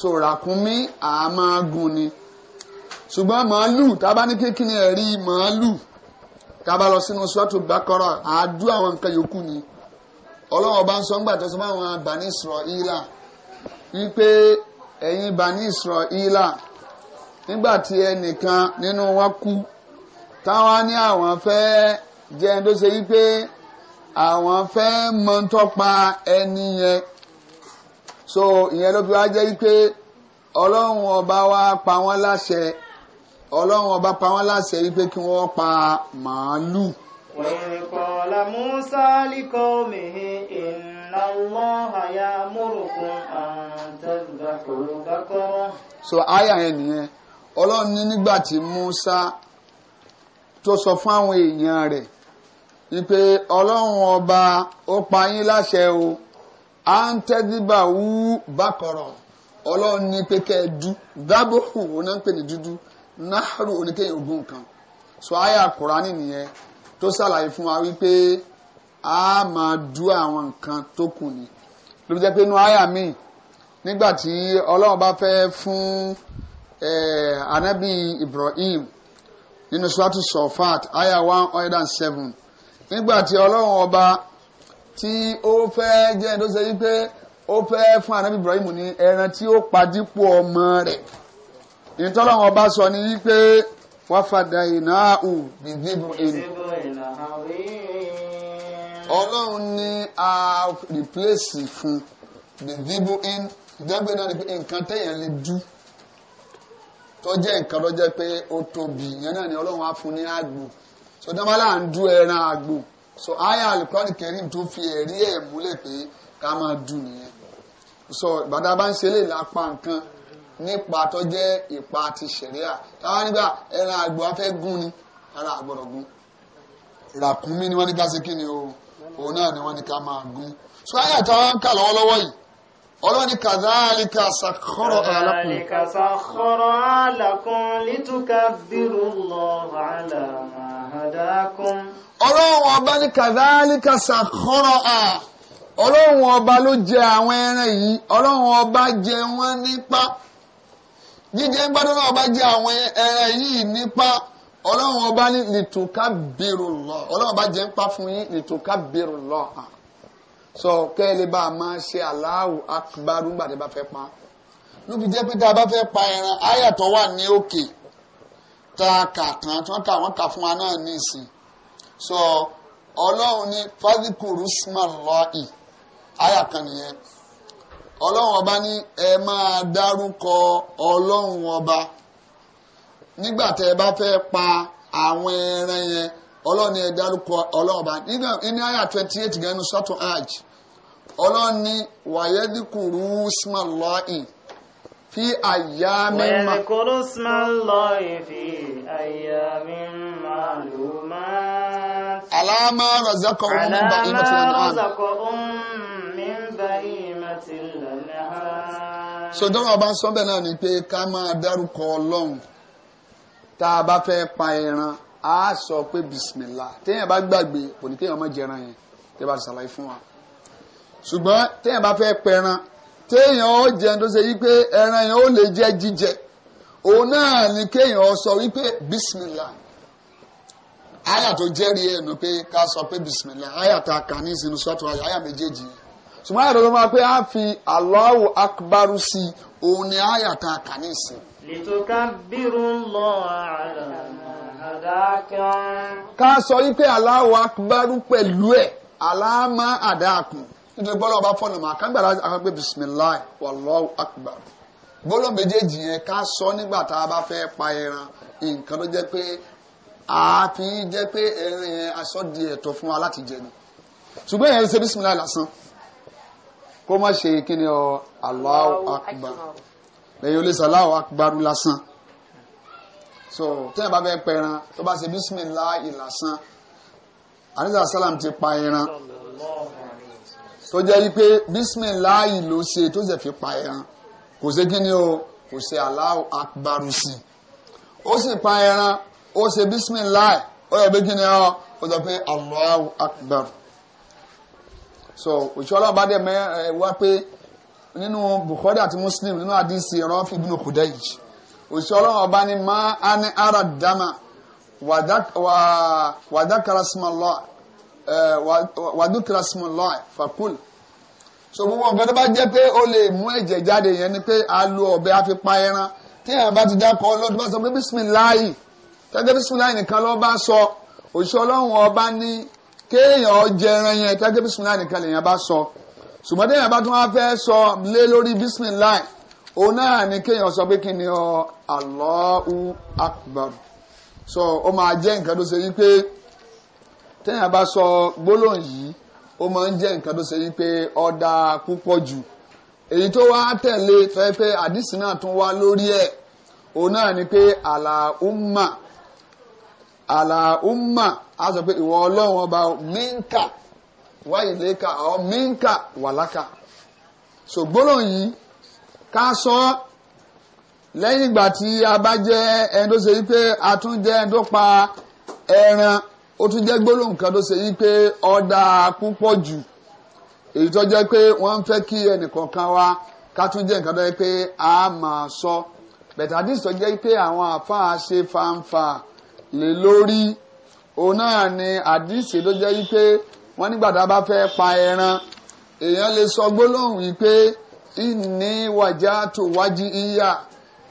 so ràkúnmí àmọ́ gùn ni ṣùgbọ́n màálù tábà ní kékeré ẹ̀rí màálù tábà lọ sínú sọ́ọ̀tù bákọ́rọ̀ àádú àwọn nǹkan yòókù ni ọlọ́run ọba ń sọ ńgbà tó sọ fún àwọn Bani Israila wípé ẹ̀yin Bani Israila nígbà tí ẹnìkan nínú wọn kú táwa ní àwọn fẹ́ jẹ́ ẹni tó ṣe wípé àwọn fẹ́ mọ ń tọ́pa ẹni yẹn so ìyẹn ló fi wá jẹ́ wípé ọlọ́run ọba wa pa wọ́n láṣẹ ọlọ́run ọba pa wọ́n láṣẹ wípé kí wọ́n pa màálù. وَقَالَ مُوسَى لِقَوْمِهِ إِنَّ اللَّهَ يَأْمُرُكُمْ أَن تَذْبَحُوا بَقَرَةً. so aya yẹn ọlọ́run ní nígbà tí Musa tó sọ fún àwọn èèyàn rẹ̀ wípé ọlọ́run ọba ó pa yín láṣẹ o à ń tẹ́díbà wú bákọ̀rọ̀ ọlọ́run ní pé kẹ́ ẹ dú dábòhù òun pè ní dúdú náhàrù oníkẹ́yìn ogún nǹkan sọ àyà kùránì nìyẹn tó ṣàlàyé fún wa wípé a máa dú àwọn nǹkan tó kù ni ló fi jẹ́ pé inú àyà míì nígbà tí ọlọ́run bá fẹ́ fún anabi eh, Ibrahim nínú suratu sọfat aya one hundred and seven nígbà tí ọlọ́run ọba tí ó fẹ́ jẹ́ tó ṣe wípé ó fẹ́ fún anabi Ibrahim ní ẹran tí ó padípò ọmọ rẹ̀ ìtọ́lọ́run ọba sọ ní wípé wáfàdà ìnáhù bìbíbù ìlú ọlọ́run ní a rìpléṣì fún bìbíbù ìlú jẹ́gbẹ́ náà ní lè dú tó jẹ́ nǹkan tó jẹ́ pé ó tóbi ìyẹn náà ni ọlọ́run á fún ní àgbò so dámàlà ń dú ẹran àgbò so àyà alukurani kẹrin tó fi ẹ̀rí ẹ̀ múlẹ̀ pé ká máa dú nìyẹn so ìbàdà bá ń ṣe lè lápá nǹkan nípa tó jẹ́ ipa ti ṣẹ̀ríà táwa nígbà ẹran àgbò afẹ́ gún ni ara àgbọ̀dọ̀ gún ìràkúnmí ni wọ́n ní ká ṣe kí ni o òun náà ni wọ́n ní ká máa gún so àyà táwa ń kà lọ́wọ́lọ́wọ́ yìí ọlọ́ni kàdáàlìkà sàkọ́rọ̀ alákùn sàkọ́rọ̀ alákùn lítúkà bírù lọ àlàmàdákùn ọlọ́run ọba ní kàdáàlìkà sàkọ́rọ̀ à ọlọ́run ọba ló jẹ àwọn ẹran yìí ọlọ́run ọba jẹ wọ́n nípa jíjẹ gbádùn náà ọba jẹ àwọn ẹran yìí nípa ọlọ́run ọba ní lítúkà lọ ọlọ́run ọba jẹ ń pa fún yín lítúkà lọ sọ kẹ́lẹ́ bá a máa ṣe Allahu akbar nígbà bá fẹ́ pa ló fi jẹ́ pé tá a bá fẹ́ pa ẹran àyà tó wà ní òkè tá a kà tán tí wọ́n kà wọ́n kà fún wa náà ní ìsìn sọ ọlọ́run ní fásitìkùrú smarlọ́ọ̀ì àyà nìyẹn ọlọ́run ọba ní ẹ máa dárúkọ ọlọ́run ọba nígbà tẹ́ ẹ bá fẹ́ pa àwọn ẹran yẹn ọlọ́run yẹn dárúkọ ọlọ́run bá nínú ní àyà twenty eight gan ní sọ́tún hajj ọlọ́run ní wàyẹ́dìkùrú smalọ́ọ̀ì fi àyà mi ma. wàyẹ́dìkùrú smalọ́ọ̀ì fi àyà mi ma lò má. aláàmà razakọ̀ ọ̀hún mi bá ìmọ̀ tí lẹ́nu àná. aláàmà razakọ̀ ọ̀hún mi bá ń sọ bẹ́ẹ̀ náà ni pé ká máa dárúkọ ọlọ́run tá a bá fẹ́ pa ẹran. a sọ pé bisimilá téèyàn bá gbàgbé kò ní kéèyàn má jẹran yẹn tẹ́ bá ṣàlàyé fún wa ṣùgbọ́n téèyàn bá fẹ́ pẹran téèyàn ó jẹun tó ṣe pé ẹran yẹn ó lè jẹ jíjẹ òun náà ni kéèyàn sọ wípé bisimilá àyà tó jẹ́rìí sọ pé bisimilá àyà tá a kà ní àyà méjèèjì ṣùgbọ́n àyà tó máa pé a fi akbaru sí òun ni àyà tá a kà ní ká sọ wípé Allahu akbaru pẹ̀lú ẹ̀ aláàmà àdáàkùn nítorí bọ́lá ọba fọ́nà mà ká gbàdá àkàgbé bisimilahi wallahu akbar bọ́lá méjèèjì yẹn ká sọ nígbà tá a bá fẹ́ pa ẹran nǹkan ló jẹ́ pé àfi jẹ́ pé ẹran yẹn aṣọ di ẹ̀tọ́ fún wa láti jẹ ni ṣùgbọ́n yẹn ṣe bisimilahi lásán kó má ṣe kí ni ọ Allahu akbar lẹ́yìn olè sàláwọ̀ akbaru lásán so tẹ́yìn bá fẹ́ pẹran tó bá ṣe bismillah ìlàsán àníṣà sálàm ti pa ẹran tó jẹ́ wípé bismillah ìlò ṣe tó ṣe fi pa ẹran kò ṣe kí ni o kò ṣe Allahu akbaru sí ó sì pa ẹran ó ṣe bismillah ó yẹ pé kí ni ọ ó sọ pé Allahu akbar so òṣìṣẹ́ ọlọ́run bá dẹ̀ mẹ́ ẹ wá pé nínú Bukhari àti Muslim nínú àdìsí Rafi ibn Khudayj òṣìṣẹ́ ọlọ́run ọba ni máa á ní ara dama wàdákàrà sùmọ̀lọ́ wàdúkàrà sùmọ̀lọ́ fàkúl. so gbogbo nǹkan tó bá jẹ́ pé ó lè mú ẹ̀jẹ̀ jáde yẹn ni pé a lo ọ̀bẹ a fi pa ẹran téèyàn bá ti dákọ̀ ọlọ́dún bá sọ pé bísímìláì tẹ́tẹ́ bísímìláì nìkan ló bá sọ òṣìṣẹ́ ọba ní kéèyàn jẹran yẹn tẹ́tẹ́ bísímìláì nìkan lèèyàn bá sọ ṣùgbọ́n téèyàn bá tún wá fẹ́ sọ lé lórí bísímìláì òun náà ni kéèyàn sọ pé kí ni so ó máa jẹ́ nǹkan tó ṣe yí pé téèyàn bá sọ gbólóhùn yìí ó máa ń jẹ́ nǹkan tó ṣe yí pé ọ̀dà púpọ̀ jù èyí tó wá tẹ̀lé tó pé àdìsí náà tún wá lórí ẹ̀ òun náà ni pé àlàúmà àlàúmà á sọ pé so gbólóhùn yìí ká sọ lẹ́yìn ìgbà tí a bá jẹ́ ẹni tó ṣe wípé a tún jẹ́ ẹni tó pa ẹran ó tún jẹ́ gbólóhùn kan tó ṣe wípé ọ̀dà púpọ̀ jù èyí tó jẹ́ pé wọ́n ń fẹ́ kí ẹnìkọ̀ọ̀kan wa ká tún jẹ́ nǹkan tó yẹ pé a máa sọ bẹ̀tà àdìsí jẹ́ pé àwọn àfáà ṣe fanfa lè lórí òun náà ni àdìsí tó jẹ́ wípé wọ́n nígbà tá a bá fẹ́ pa ẹran èèyàn lè sọ gbólóhùn wípé inni wajatu wajiya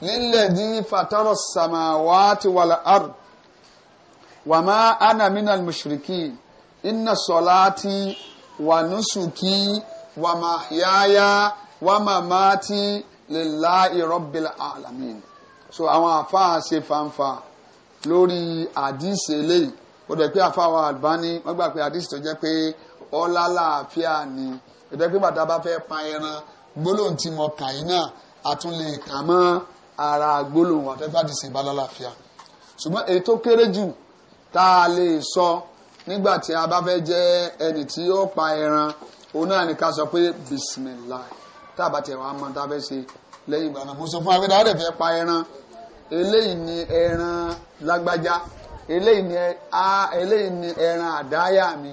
lilladhi fatara samawati wal ard wa ma ana minal mushrikin inna salati wa nusuki wa mahyaya wa mamati lillahi rabbil alamin so àwọn àfáà ṣe fanfa lórí àdìsí eléyìí ó dẹ̀ pé àfáà wa Albani wọ́n gbà pé àdìsí tó jẹ́ pé ọlá làáfíà ni ó dẹ̀ pé bàtà bá fẹ́ pa ẹran gbólóhùn tí mo kà yín náà a tún lè kà mọ́ ara gbólóhùn àtẹ́fà ti sìn bá lálàáfíà ṣùgbọ́n èyí tó kéré jù tá a lè sọ nígbà tí a bá fẹ́ jẹ́ ẹni tí ó pa ẹran òun náà ní ká sọ pé bisimilá tá a bá tẹ̀ wá mọ́ tá a fẹ́ ṣe lẹ́yìn ìgbà náà mo sọ fún abẹ́dá ọ̀dẹ̀ fẹ́ pa ẹran eléyìí ni ẹran lágbájá eléyìí ni ẹran àdáyà mi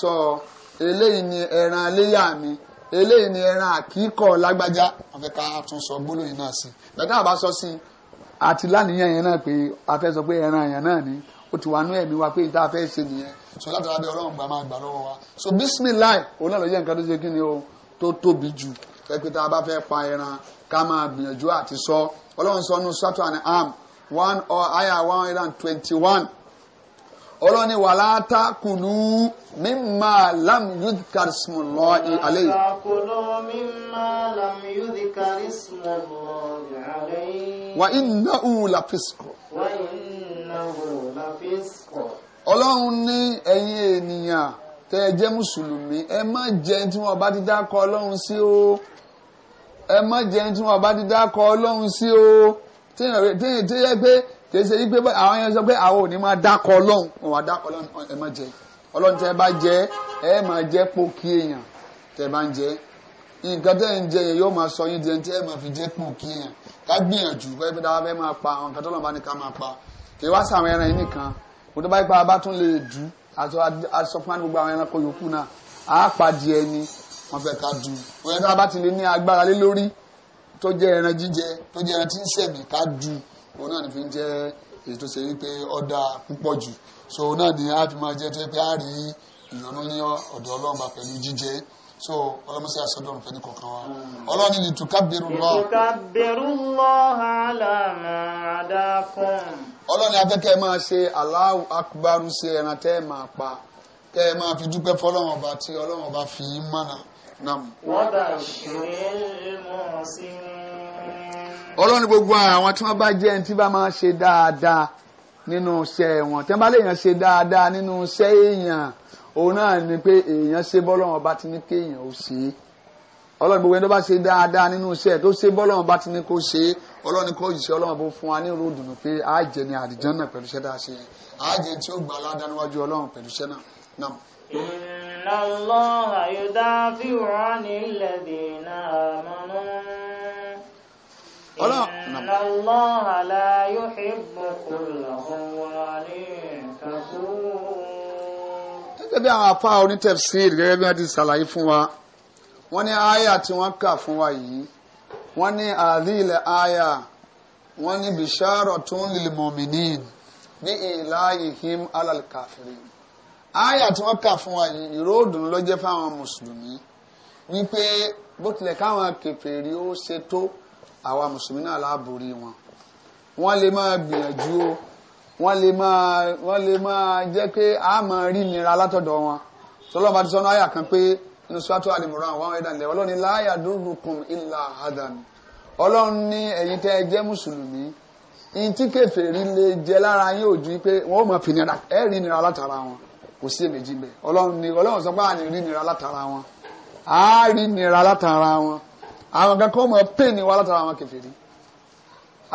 sọ eléyìí ni ẹran léyà mi. So, eléyìí ni ẹran àkíkọ̀ lágbájá a fẹ́ ká tún sọ gbólóyìn náà sí bẹ̀tẹ́ àbá sọ sí àti lánìyàn yẹn náà pé a sọ pé ẹran àyàn náà ni ó ti wà nú ẹ̀mí wa pé ìta fẹ́ ṣe nìyẹn so láti wá bí ọlọ́run gbà máa gbà lọ́wọ́ wa so bismillah òun náà ló yẹ nǹkan tó ṣe kí ni o tó tóbi jù fẹ́ pé tá a bá fẹ́ pa ẹran ká máa gbìyànjú àti sọ ọlọ́run sọ nù sátọ̀ àni am one or uh, higher one hundred and twenty one ọlọ́ni wà látà kùnú mímà lam yudhkar ismullahi alayhi. látà kùnú mímà lam yudhkar ismullahi wa innahu la fisq. wa innahu la fisq. ọlọ́run ní ẹ̀yin ènìyàn tẹ́ ẹ jẹ́ mùsùlùmí ẹ má jẹ tí wọ́n bá ti dákọ̀ ọlọ́run sí o ẹ má jẹ tí wọ́n bá ti dákọ̀ ọlọ́run sí o tí yẹ pé kèsè yí pé àwọn yẹn sọ pé àwọn ò ní máa dákọ ọlọ́run òun àdákọ ọlọ́run ẹ má jẹ ọlọ́run tẹ bá jẹ ẹ má jẹ pòkì èèyàn tẹ bá ń jẹ nǹkan tẹ ń jẹ yẹn yóò máa sọ yín di ẹni tẹ ẹ máa fi jẹ pòkì èèyàn ká gbìyànjú pé dáa fẹ́ máa pa àwọn nǹkan tó lọ́nà bá ní ká máa pa kì í wá sàwọn ẹran yìí nìkan kò tó bá yí pa tún lè dù aṣọ fún gbogbo àwọn ẹranko yòókù náà á pàdé ẹni wọn fẹ́ ká dù wọn yẹn tó bá ti lè ní agbára lé lórí tó jẹ ẹran jíjẹ tó jẹ ẹran tí ń sẹ̀mí ká dù òun náà ní fi ń jẹ́ èyí tó ṣe wípé so òun náà ní á máa jẹ́ tó pé á rí ìyọnu ní ọ̀dọ̀ so ọlọ́mọsí àsọdọ̀rùn fẹ́ni kọ̀ọ̀kan wa ọlọ́ni ni tùkàbẹ̀rù lọ́ọ̀ tùkàbẹ̀rù lọ́ọ̀ àlàmà àdákùn ọlọ́ni afẹ́kẹ́ máa ṣe Allahu akubaru sí ẹran tẹ́ máa pa kẹ́ ẹ fi dúpẹ́ fọlọ́wọ́n ọba tí ọlọ́wọ́n ọba fi í náà. wọ́n ṣe é mọ́ ọlọ́run gbogbo àwọn tí wọ́n bá jẹ́ ẹni tí bá máa ṣe dáadáa nínú iṣẹ́ wọn tí wọ́n bá léèyàn ṣe dáadáa nínú iṣẹ́ èèyàn òun náà ni pé èèyàn ṣe bọ́lọ́run bá ti ní kéèyàn ó ṣe é ọlọ́run gbogbo ẹni tó bá ṣe dáadáa nínú iṣẹ́ tó ṣe bọ́lọ́run bá ti ní kó ṣe é ọlọ́run kó yìí ṣe ọlọ́run bó fún wa ní ìró ìdùnnú pé á jẹ àdìjọ́n náà pẹ̀lú iṣẹ́ dáa ṣe yẹn á tí ó gbà ládàá ọlọ́run pẹ̀lú iṣẹ́ náà. Inna Allah yudafi'u 'anil ladina amanu Ọlọ́run la yuhibbu kulla khawanin kafur. Gẹ́gẹ́ bí àwọn afá onítẹ̀fsír gẹ́gẹ́ bí wọ́n ti ṣàlàyé fún wa, wọ́n ní àyà tí wọ́n kà fún wa yìí, wọ́n ní àdílẹ̀ àyà, wọ́n ní bisharatun lil mu'minin ní ìlàyìhìm alálkàfírin. Àyà tí wọ́n kà fún wa yìí, ìró ló jẹ́ fáwọn Mùsùlùmí wípé bó tilẹ̀ káwọn kèfèrí ó ṣe tó àwa mùsùlùmí náà láàbòrí wọn wọ́n lè máa gbìyànjú o wọ́n lè máa wọ́n lè máa jẹ́ pé a máa rí nira látọ̀dọ̀ wọn sọlọ́ba ti sọ́nà àyà kan pé inú sọ́tò àlèmọ̀ràn àwọn ẹ̀dá ilẹ̀ ọlọ́run ni láàyà dúrùkùn ìlà àdàn ọlọ́run ní ẹ̀yin tẹ́ ẹ jẹ́ mùsùlùmí ìtí kèfèrí lè jẹ lára yín ò ju pé wọ́n máa fi nira ẹ rí nira látara wọn kò sí èméjì bẹ́ẹ̀ ọlọ́run ni ọlọ́run sọ pé à ní rí nira látara wọn à rí nira látara wọn àwọn kan kọ́ mọ̀ pain wa látara àwọn kèfèrí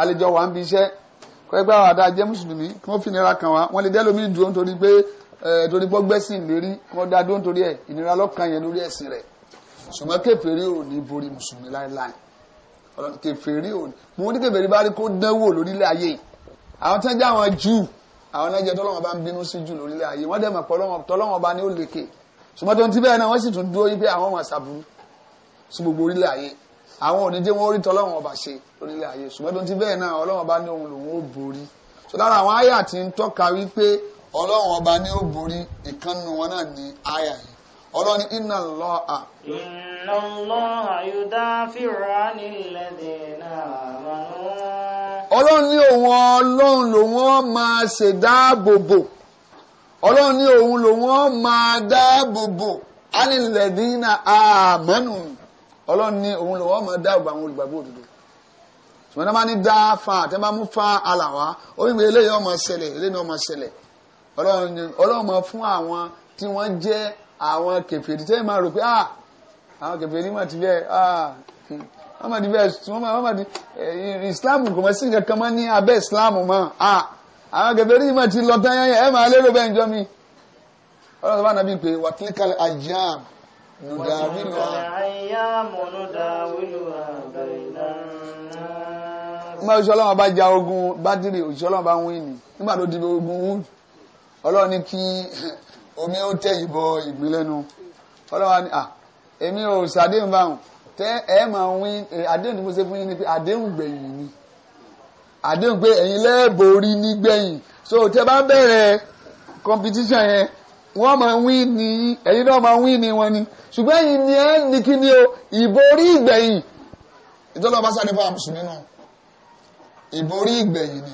àlejò wà ń bi iṣẹ́ pẹ́pẹ́ àwọn àdá jẹ́ mùsùlùmí kí wọ́n fi ìnira kan wá wọ́n lè dẹ́ lómi dúró nítorí pé torí gbọ́ gbẹ́sìn lérí wọ́n dá dúró nítorí ẹ̀ ìnira lọ́kàn yẹn lórí ẹ̀sìn rẹ̀ ṣùgbọ́n kèfèrí ò ní borí mùsùlùmí láéláé kèfèrí ò ní mo ní kèfèrí bá rí kó dánwò lórílẹ̀ ayé àwọn tán àwọn jù àwọn ẹlẹ́jẹ̀ tọ́lọ́wọ́n bá ń bínú sí jù lórílẹ̀ ayé wọ́n dẹ̀ mọ̀ tọ́lọ́wọ́n bá àwọn òdíje wọn orí tọ́lọ́wọ́n ọba ṣe lórílẹ̀ ayé ṣùgbọ́n tó ti bẹ́ẹ̀ náà ọlọ́wọ́n ọba ní òun lòun ó borí so lára àwọn àyà tí ń tọ́ka wípé ọlọ́wọ́n ọba ní ó borí ìkànnù wọn náà ní àyà yìí ọlọ́ni iná lọ́ à. iná lọ́ àyùdá fìrà nílẹ̀ dènà àmàlú. ọlọ́run ní òun ọlọ́run lòun máa ṣe dáàbòbò ọlọ́run ní òun lòun máa dáàbòbò ánilẹ̀ dènà ọlọ́run ní òun lọ́wọ́ máa dá ògbà àwọn olùgbàgbọ́ òdodo ṣùgbọ́n tí wọ́n bá ní dá fa àtẹ́ bá mú fa àlàwá ó ní eléyìí ọmọ ṣẹlẹ̀ eléyìí ọmọ ṣẹlẹ̀ ọlọ́run máa fún àwọn tí wọ́n jẹ́ àwọn kèfèrí tẹ́ máa rò pé ah àwọn kèfèrí mà ti bẹ́ẹ̀ ah wọ́n mà ti bẹ́ẹ̀ wọ́n mà wọ́n mà ti eh, Islam kò mọ̀ sí nǹkan kan mọ́ ní abẹ́ Islam mọ́ ah àwọn kèfèrí mà ti lọ tán yẹn ẹ máa lérò bẹ́ẹ̀ ń jọ mi ọlọ́run bá nàbí pé wàtílíkàlì nígbà òṣìṣẹ́ ọlọ́run bá ja ogun bádìrì òṣìṣẹ́ ọlọ́run bá ń wíìnì nígbà tó di ogun wood ọlọ́run ní kí omi ó tẹ̀yìn bọ ìgbín lẹ́nu ọlọ́run ní à èmi ò ṣàdéhùn báwọn tẹ ẹ máa wí àdéhùn tí mo ṣe fún yín ni pé àdéhùn gbẹ̀yìn ni àdéhùn pé ẹ̀yin lẹ́ẹ̀bòrí nígbẹ̀yìn so tẹ bá bẹ̀rẹ̀ competition yẹn wọ́n máa wí ní ẹ̀yin náà máa wí ní wọn ni ṣùgbọ́n ẹ̀yin ni ẹ̀ ní kí ni o ìborí ìgbẹ̀yìn ìtọ́lọ́ bá sáré fún àmùsùn nínú ìborí ìgbẹ̀yìn ni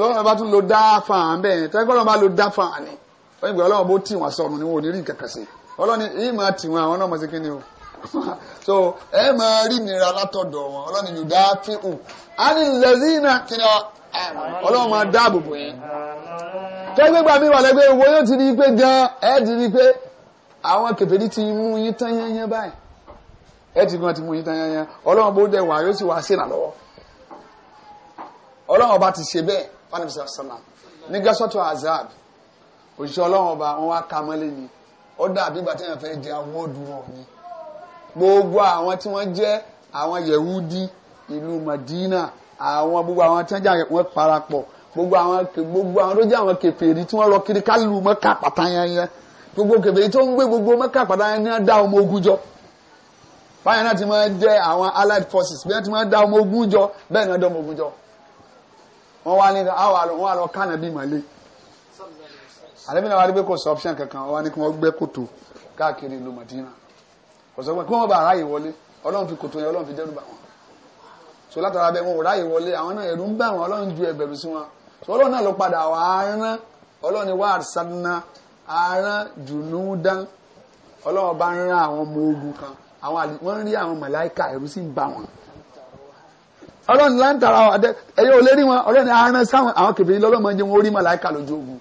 lọ́nà bá tún lo dáfà bẹ́ẹ̀ tẹ́gbọ́n náà bá lo dáfà ni wọ́n yìí gbé ọlọ́run bó tì wọ́n sọnù ni wọn ò ní rí nǹkan kan sí ọlọ́ni yìí máa tì wọ́n àwọn náà máa ṣe kí ni o (laughs) so ẹ máa rí nira látọ̀dọ̀ wọn ọlọ́ni yóò dá fíhù á ní lẹ́sìn náà kí ni ọlọ́run máa dáàbò bò yín tẹ́gbẹ́gbà mi wà lẹ́gbẹ́ owó yóò ti di pé gan ẹ ti di pé àwọn kèfèrí ti mú yín tán yányán báyìí ẹ ti gan ti mú yín tán yányán ọlọ́run bó dẹ̀ wà yóò sì wá sí ìrànlọ́wọ́ ọlọ́run ọba ti ṣe bẹ́ẹ̀ fanifisa sàmà ní gásọ́tò azab òṣìṣẹ́ ọlọ́run ọba wọn wá ka mọ́lé ni ó dàbí ìgbà tí wọn fẹ́ jẹ awọ́ọ̀dù wọn ni gbogbo àwọn tí wọ́n jẹ́ àwọn yẹ̀wúdí ìlú Madina àwọn gbogbo àwọn tí wọ́n jẹ́ àwọn parapọ̀ gbogbo àwọn gbogbo àwọn tó jẹ́ àwọn kèfèrí tí wọ́n lọ kiri kálù mọ́kà pàtà yẹnyẹn gbogbo kèfèrí tó ń gbé gbogbo mọ́kà pàtà yẹnyẹn dá ọmọ ogun jọ báyìí náà ti máa jẹ́ àwọn allied forces bí wọ́n ti máa dá ọmọ ogun jọ bẹ́ẹ̀ náà dá ọmọ ogun jọ wọ́n wá ní àwọn àlọ́ wọ́n àlọ́ kánà bíi màlẹ́ àlẹ́bí náà wá rí pé kò sọ option kankan wọ́n ní kí wọ́n gbẹ́ kòtò káàkiri ìlú Madina kò sọ pé kí wọ́n bá aráyè wọlé Ọlọ́run fi kòtò yẹn Ọlọ́run fi dẹ́rù bà wọ́n so látara bẹ́ẹ̀ wọn ò ráyè wọlé àwọn náà ẹ̀rù ń bà wọ́n Ọlọ́run ju ẹ̀bẹ̀rù sí wọn sọlọ́ náà ló padà wà á rán ọlọ́ni wà sàdúnà á rán jùnúdán ọlọ́wọ́ bá ń rán àwọn ọmọ ogun kan àwọn wọ́n rí àwọn màláíkà ẹ̀rú sì ń bà wọ́n ọlọ́ni láǹtara ẹ̀yọ́ olérí wọn ọlọ́ni á rán sáwọn àwọn kèfèrí lọ́lọ́mọ jẹ́ wọn ó rí màláíkà lójú ogun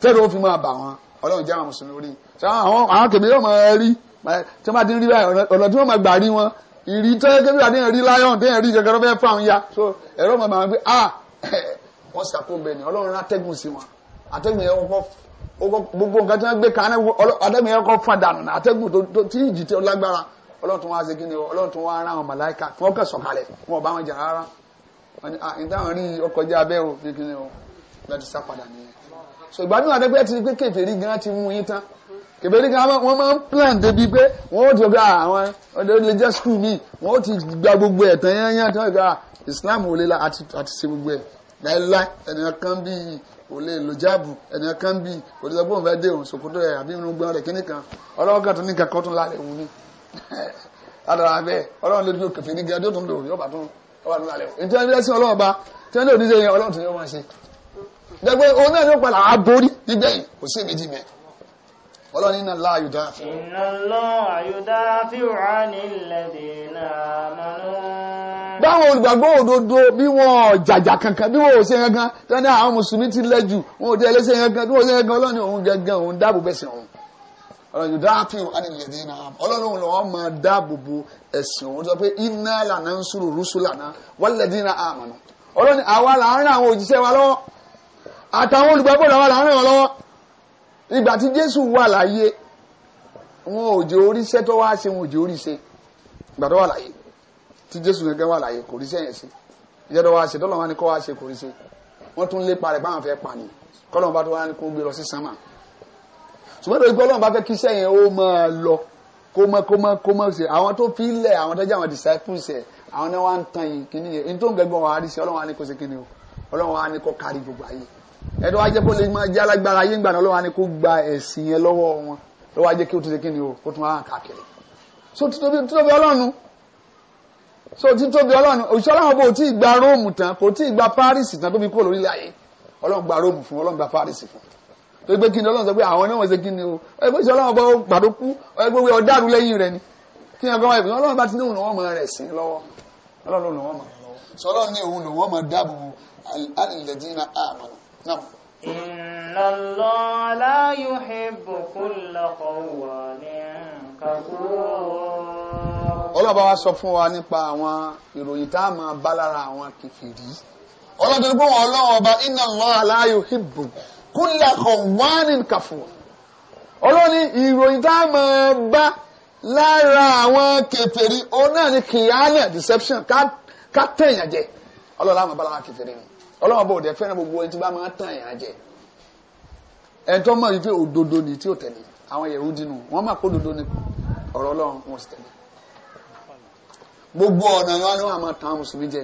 tẹ́lẹ̀ ó fi máa bà wọ́n ọlọ́run jẹ́ àwọn mùsùlùmí orí àwọn kèmí yóò máa rí tí wọ́n bá ti rí báyìí ọ̀nà tí wọ́n máa gbà rí wọn ìrí tẹ́lẹ̀ kébí àti ìrí láyọ̀n tẹ́lẹ̀ rí gẹ́gẹ́ rọ́bẹ́ fún ya so ẹ̀rọ máa máa gbé ah wọ́n sì kàkó bẹ́ẹ̀ ni ọlọ́run rán atẹ́gùn sí wọn atẹ́gùn yẹn kọ́kọ́ gbogbo nǹkan tí wọ́n gbé kaná atẹ́gùn yẹn kọ́kọ́ fún àdànù náà atẹ́gùn tó tí ìjì tó lágbára ọlọ́run tó wá ṣe kíni ọlọ́run tó wá rán àwọn màláìka tí wọ́n kẹ́ sọ̀kalẹ̀ wọn ò bá wọn jà rárá ìdáhùn rí ọkọ̀ jẹ́ abẹ́ o fi kíni o láti sá padà nìyẹn. so ìgbádùn àdẹ́gbẹ́ ti pé kèfèrí gan ti mú yín tán kèfèrí gan wọ́n máa ń plan débi pé wọ́n ó ti gba àwọn ọdẹ ó lè jẹ́ skul mi wọ́n ó ti gba gbogbo ẹ̀ tán yányán tán ìgbà Islam ò lè la àti ṣe gbogbo ẹ̀ láíláí ẹnìyàn kan bíi kò lè lo jáàbù ẹnìyàn kan bíi kò lè sọ pé òun fẹ́ dé òun ṣòkòtò rẹ̀ àbí irun gbọ́n rẹ̀ kíní kan ọlọ́wọ́ kan tó ní kankan tó ń lálẹ́ òun ni adara (laughs) bẹ́ẹ̀ ọlọ́run ló dúró kẹfẹ́ ní gíga tó tún lò yóò bá tún lálẹ́ òun ìjọba ìbílẹ̀ ọlọ́run ọba tí wọ́n lè òdíje yẹn ọlọ́run tó yẹ ọlọ́run iná láà yóò dáa olùgbàgbọ́ bí wọ́n jàjà kankan bí wọ́n ò kankan tẹ́lẹ̀ àwọn mùsùlùmí ti lẹ́jù wọ́n ò tẹ́ kankan bí wọ́n ò kankan ọlọ́run òun gangan òun dáàbò bẹ́sẹ̀ òun ọlọ́run yóò dáa fíò ánìlẹ́dẹ́ náà ọlọ́run òun lọ́wọ́ máa dáàbò bo ẹ̀sìn òun sọ pé iná lànà ń sùrù rúṣù lànà náà ọlọ́run àwa làárín àwọn òjíṣẹ́ wa lọ́wọ́ àtàwọn olùgbàgbọ́ làwa ìgbà tí Jésù wà láyé wọn ò jẹ́ oríṣẹ́ tó wá ṣe wọn ò jẹ́ oríṣẹ́ ìgbà tó wà láyé tí Jésù gẹ́gẹ́ wà láyé kò ríṣẹ́ yẹn sí ìjẹ́ tó wá ṣe tọ́lọ́wọ́n á ní kó wá ṣe kò ríṣẹ́ wọ́n tún lépa rẹ̀ báwọn fẹ́ pàní kọ́lọ́wọ́n bá tó wá ní kó gbé lọ sí sánmà ṣùgbọ́n ìgbà ọlọ́run bá fẹ́ kí iṣẹ́ yẹn ó máa lọ kó mọ kó mọ kó mọ ṣe àwọn tó fi lẹ̀ àwọn tó jẹ́ àwọn disciples ẹ̀ àwọn náà wá ń tan yìí kíní yẹn ní tó ń gẹ́gbọ́n wa rí sí ọlọ́run wa ní kó ṣe kíní o ọlọ́run wa ní kó kárí gbogbo ayé ẹ̀dọ́ wájẹ́ kó lè máa jẹ́ alágbára ayé ńgbà náà lọ́wọ́ ni kó gba ẹ̀sìn yẹn lọ́wọ́ wọn lọ́wọ́ ajé kí ó tún ṣe kí ni o kó tún wá káàkiri so títóbi ọlọ́run so títóbi ọlọ́run òṣìṣẹ́ ọlọ́run bò tí ì gba róòmù tán kò tí ì gba paris tán tó fi kúrò lórílẹ̀ ayé ọlọ́run gba róòmù fún ọlọ́run gba paris fún tó gbé kí ni ọlọ́run sọ pé àwọn náà wọ́n ṣe kí ni o ẹgbẹ́ ìṣẹ́ ọlọ́run bọ́ gbàdó kú ẹgbẹ́ ọ̀dàrú lẹ́yìn rẹ ni kí ni òun lọ́wọ́ mọ rẹ̀ sí lọ́wọ́ àmọ́ نعم إن الله لا يحب كل قوان كفور ọlọ́ba wa sọ fún wa nípa àwọn ìròyìn tá a máa bá lára àwọn kìfìrí ọlọ́dún gbọ́n ọlọ́wọ́ ọba inna Allaha la yuhibbu kulla khawanin kafur ọlọ́ni ìròyìn tá a máa bá lára àwọn kìfìrí òun náà ni kìyànà deception ká tẹ̀yàn jẹ ọlọ́dún àwọn bá lára kìfìrí ni ọlọ́run bò dẹ̀ fẹ́ràn gbogbo ẹni tí bá máa tàn yàn jẹ ẹni tó mọ̀ wípé òdodo ni tí ò tẹ̀lé àwọn Yẹhudi nù wọ́n mà kó òdodo ni ọ̀rọ̀ ọlọ́run wọn sì tẹ̀lé gbogbo ọ̀nà ni wọ́n á máa tàn mùsùlùmí jẹ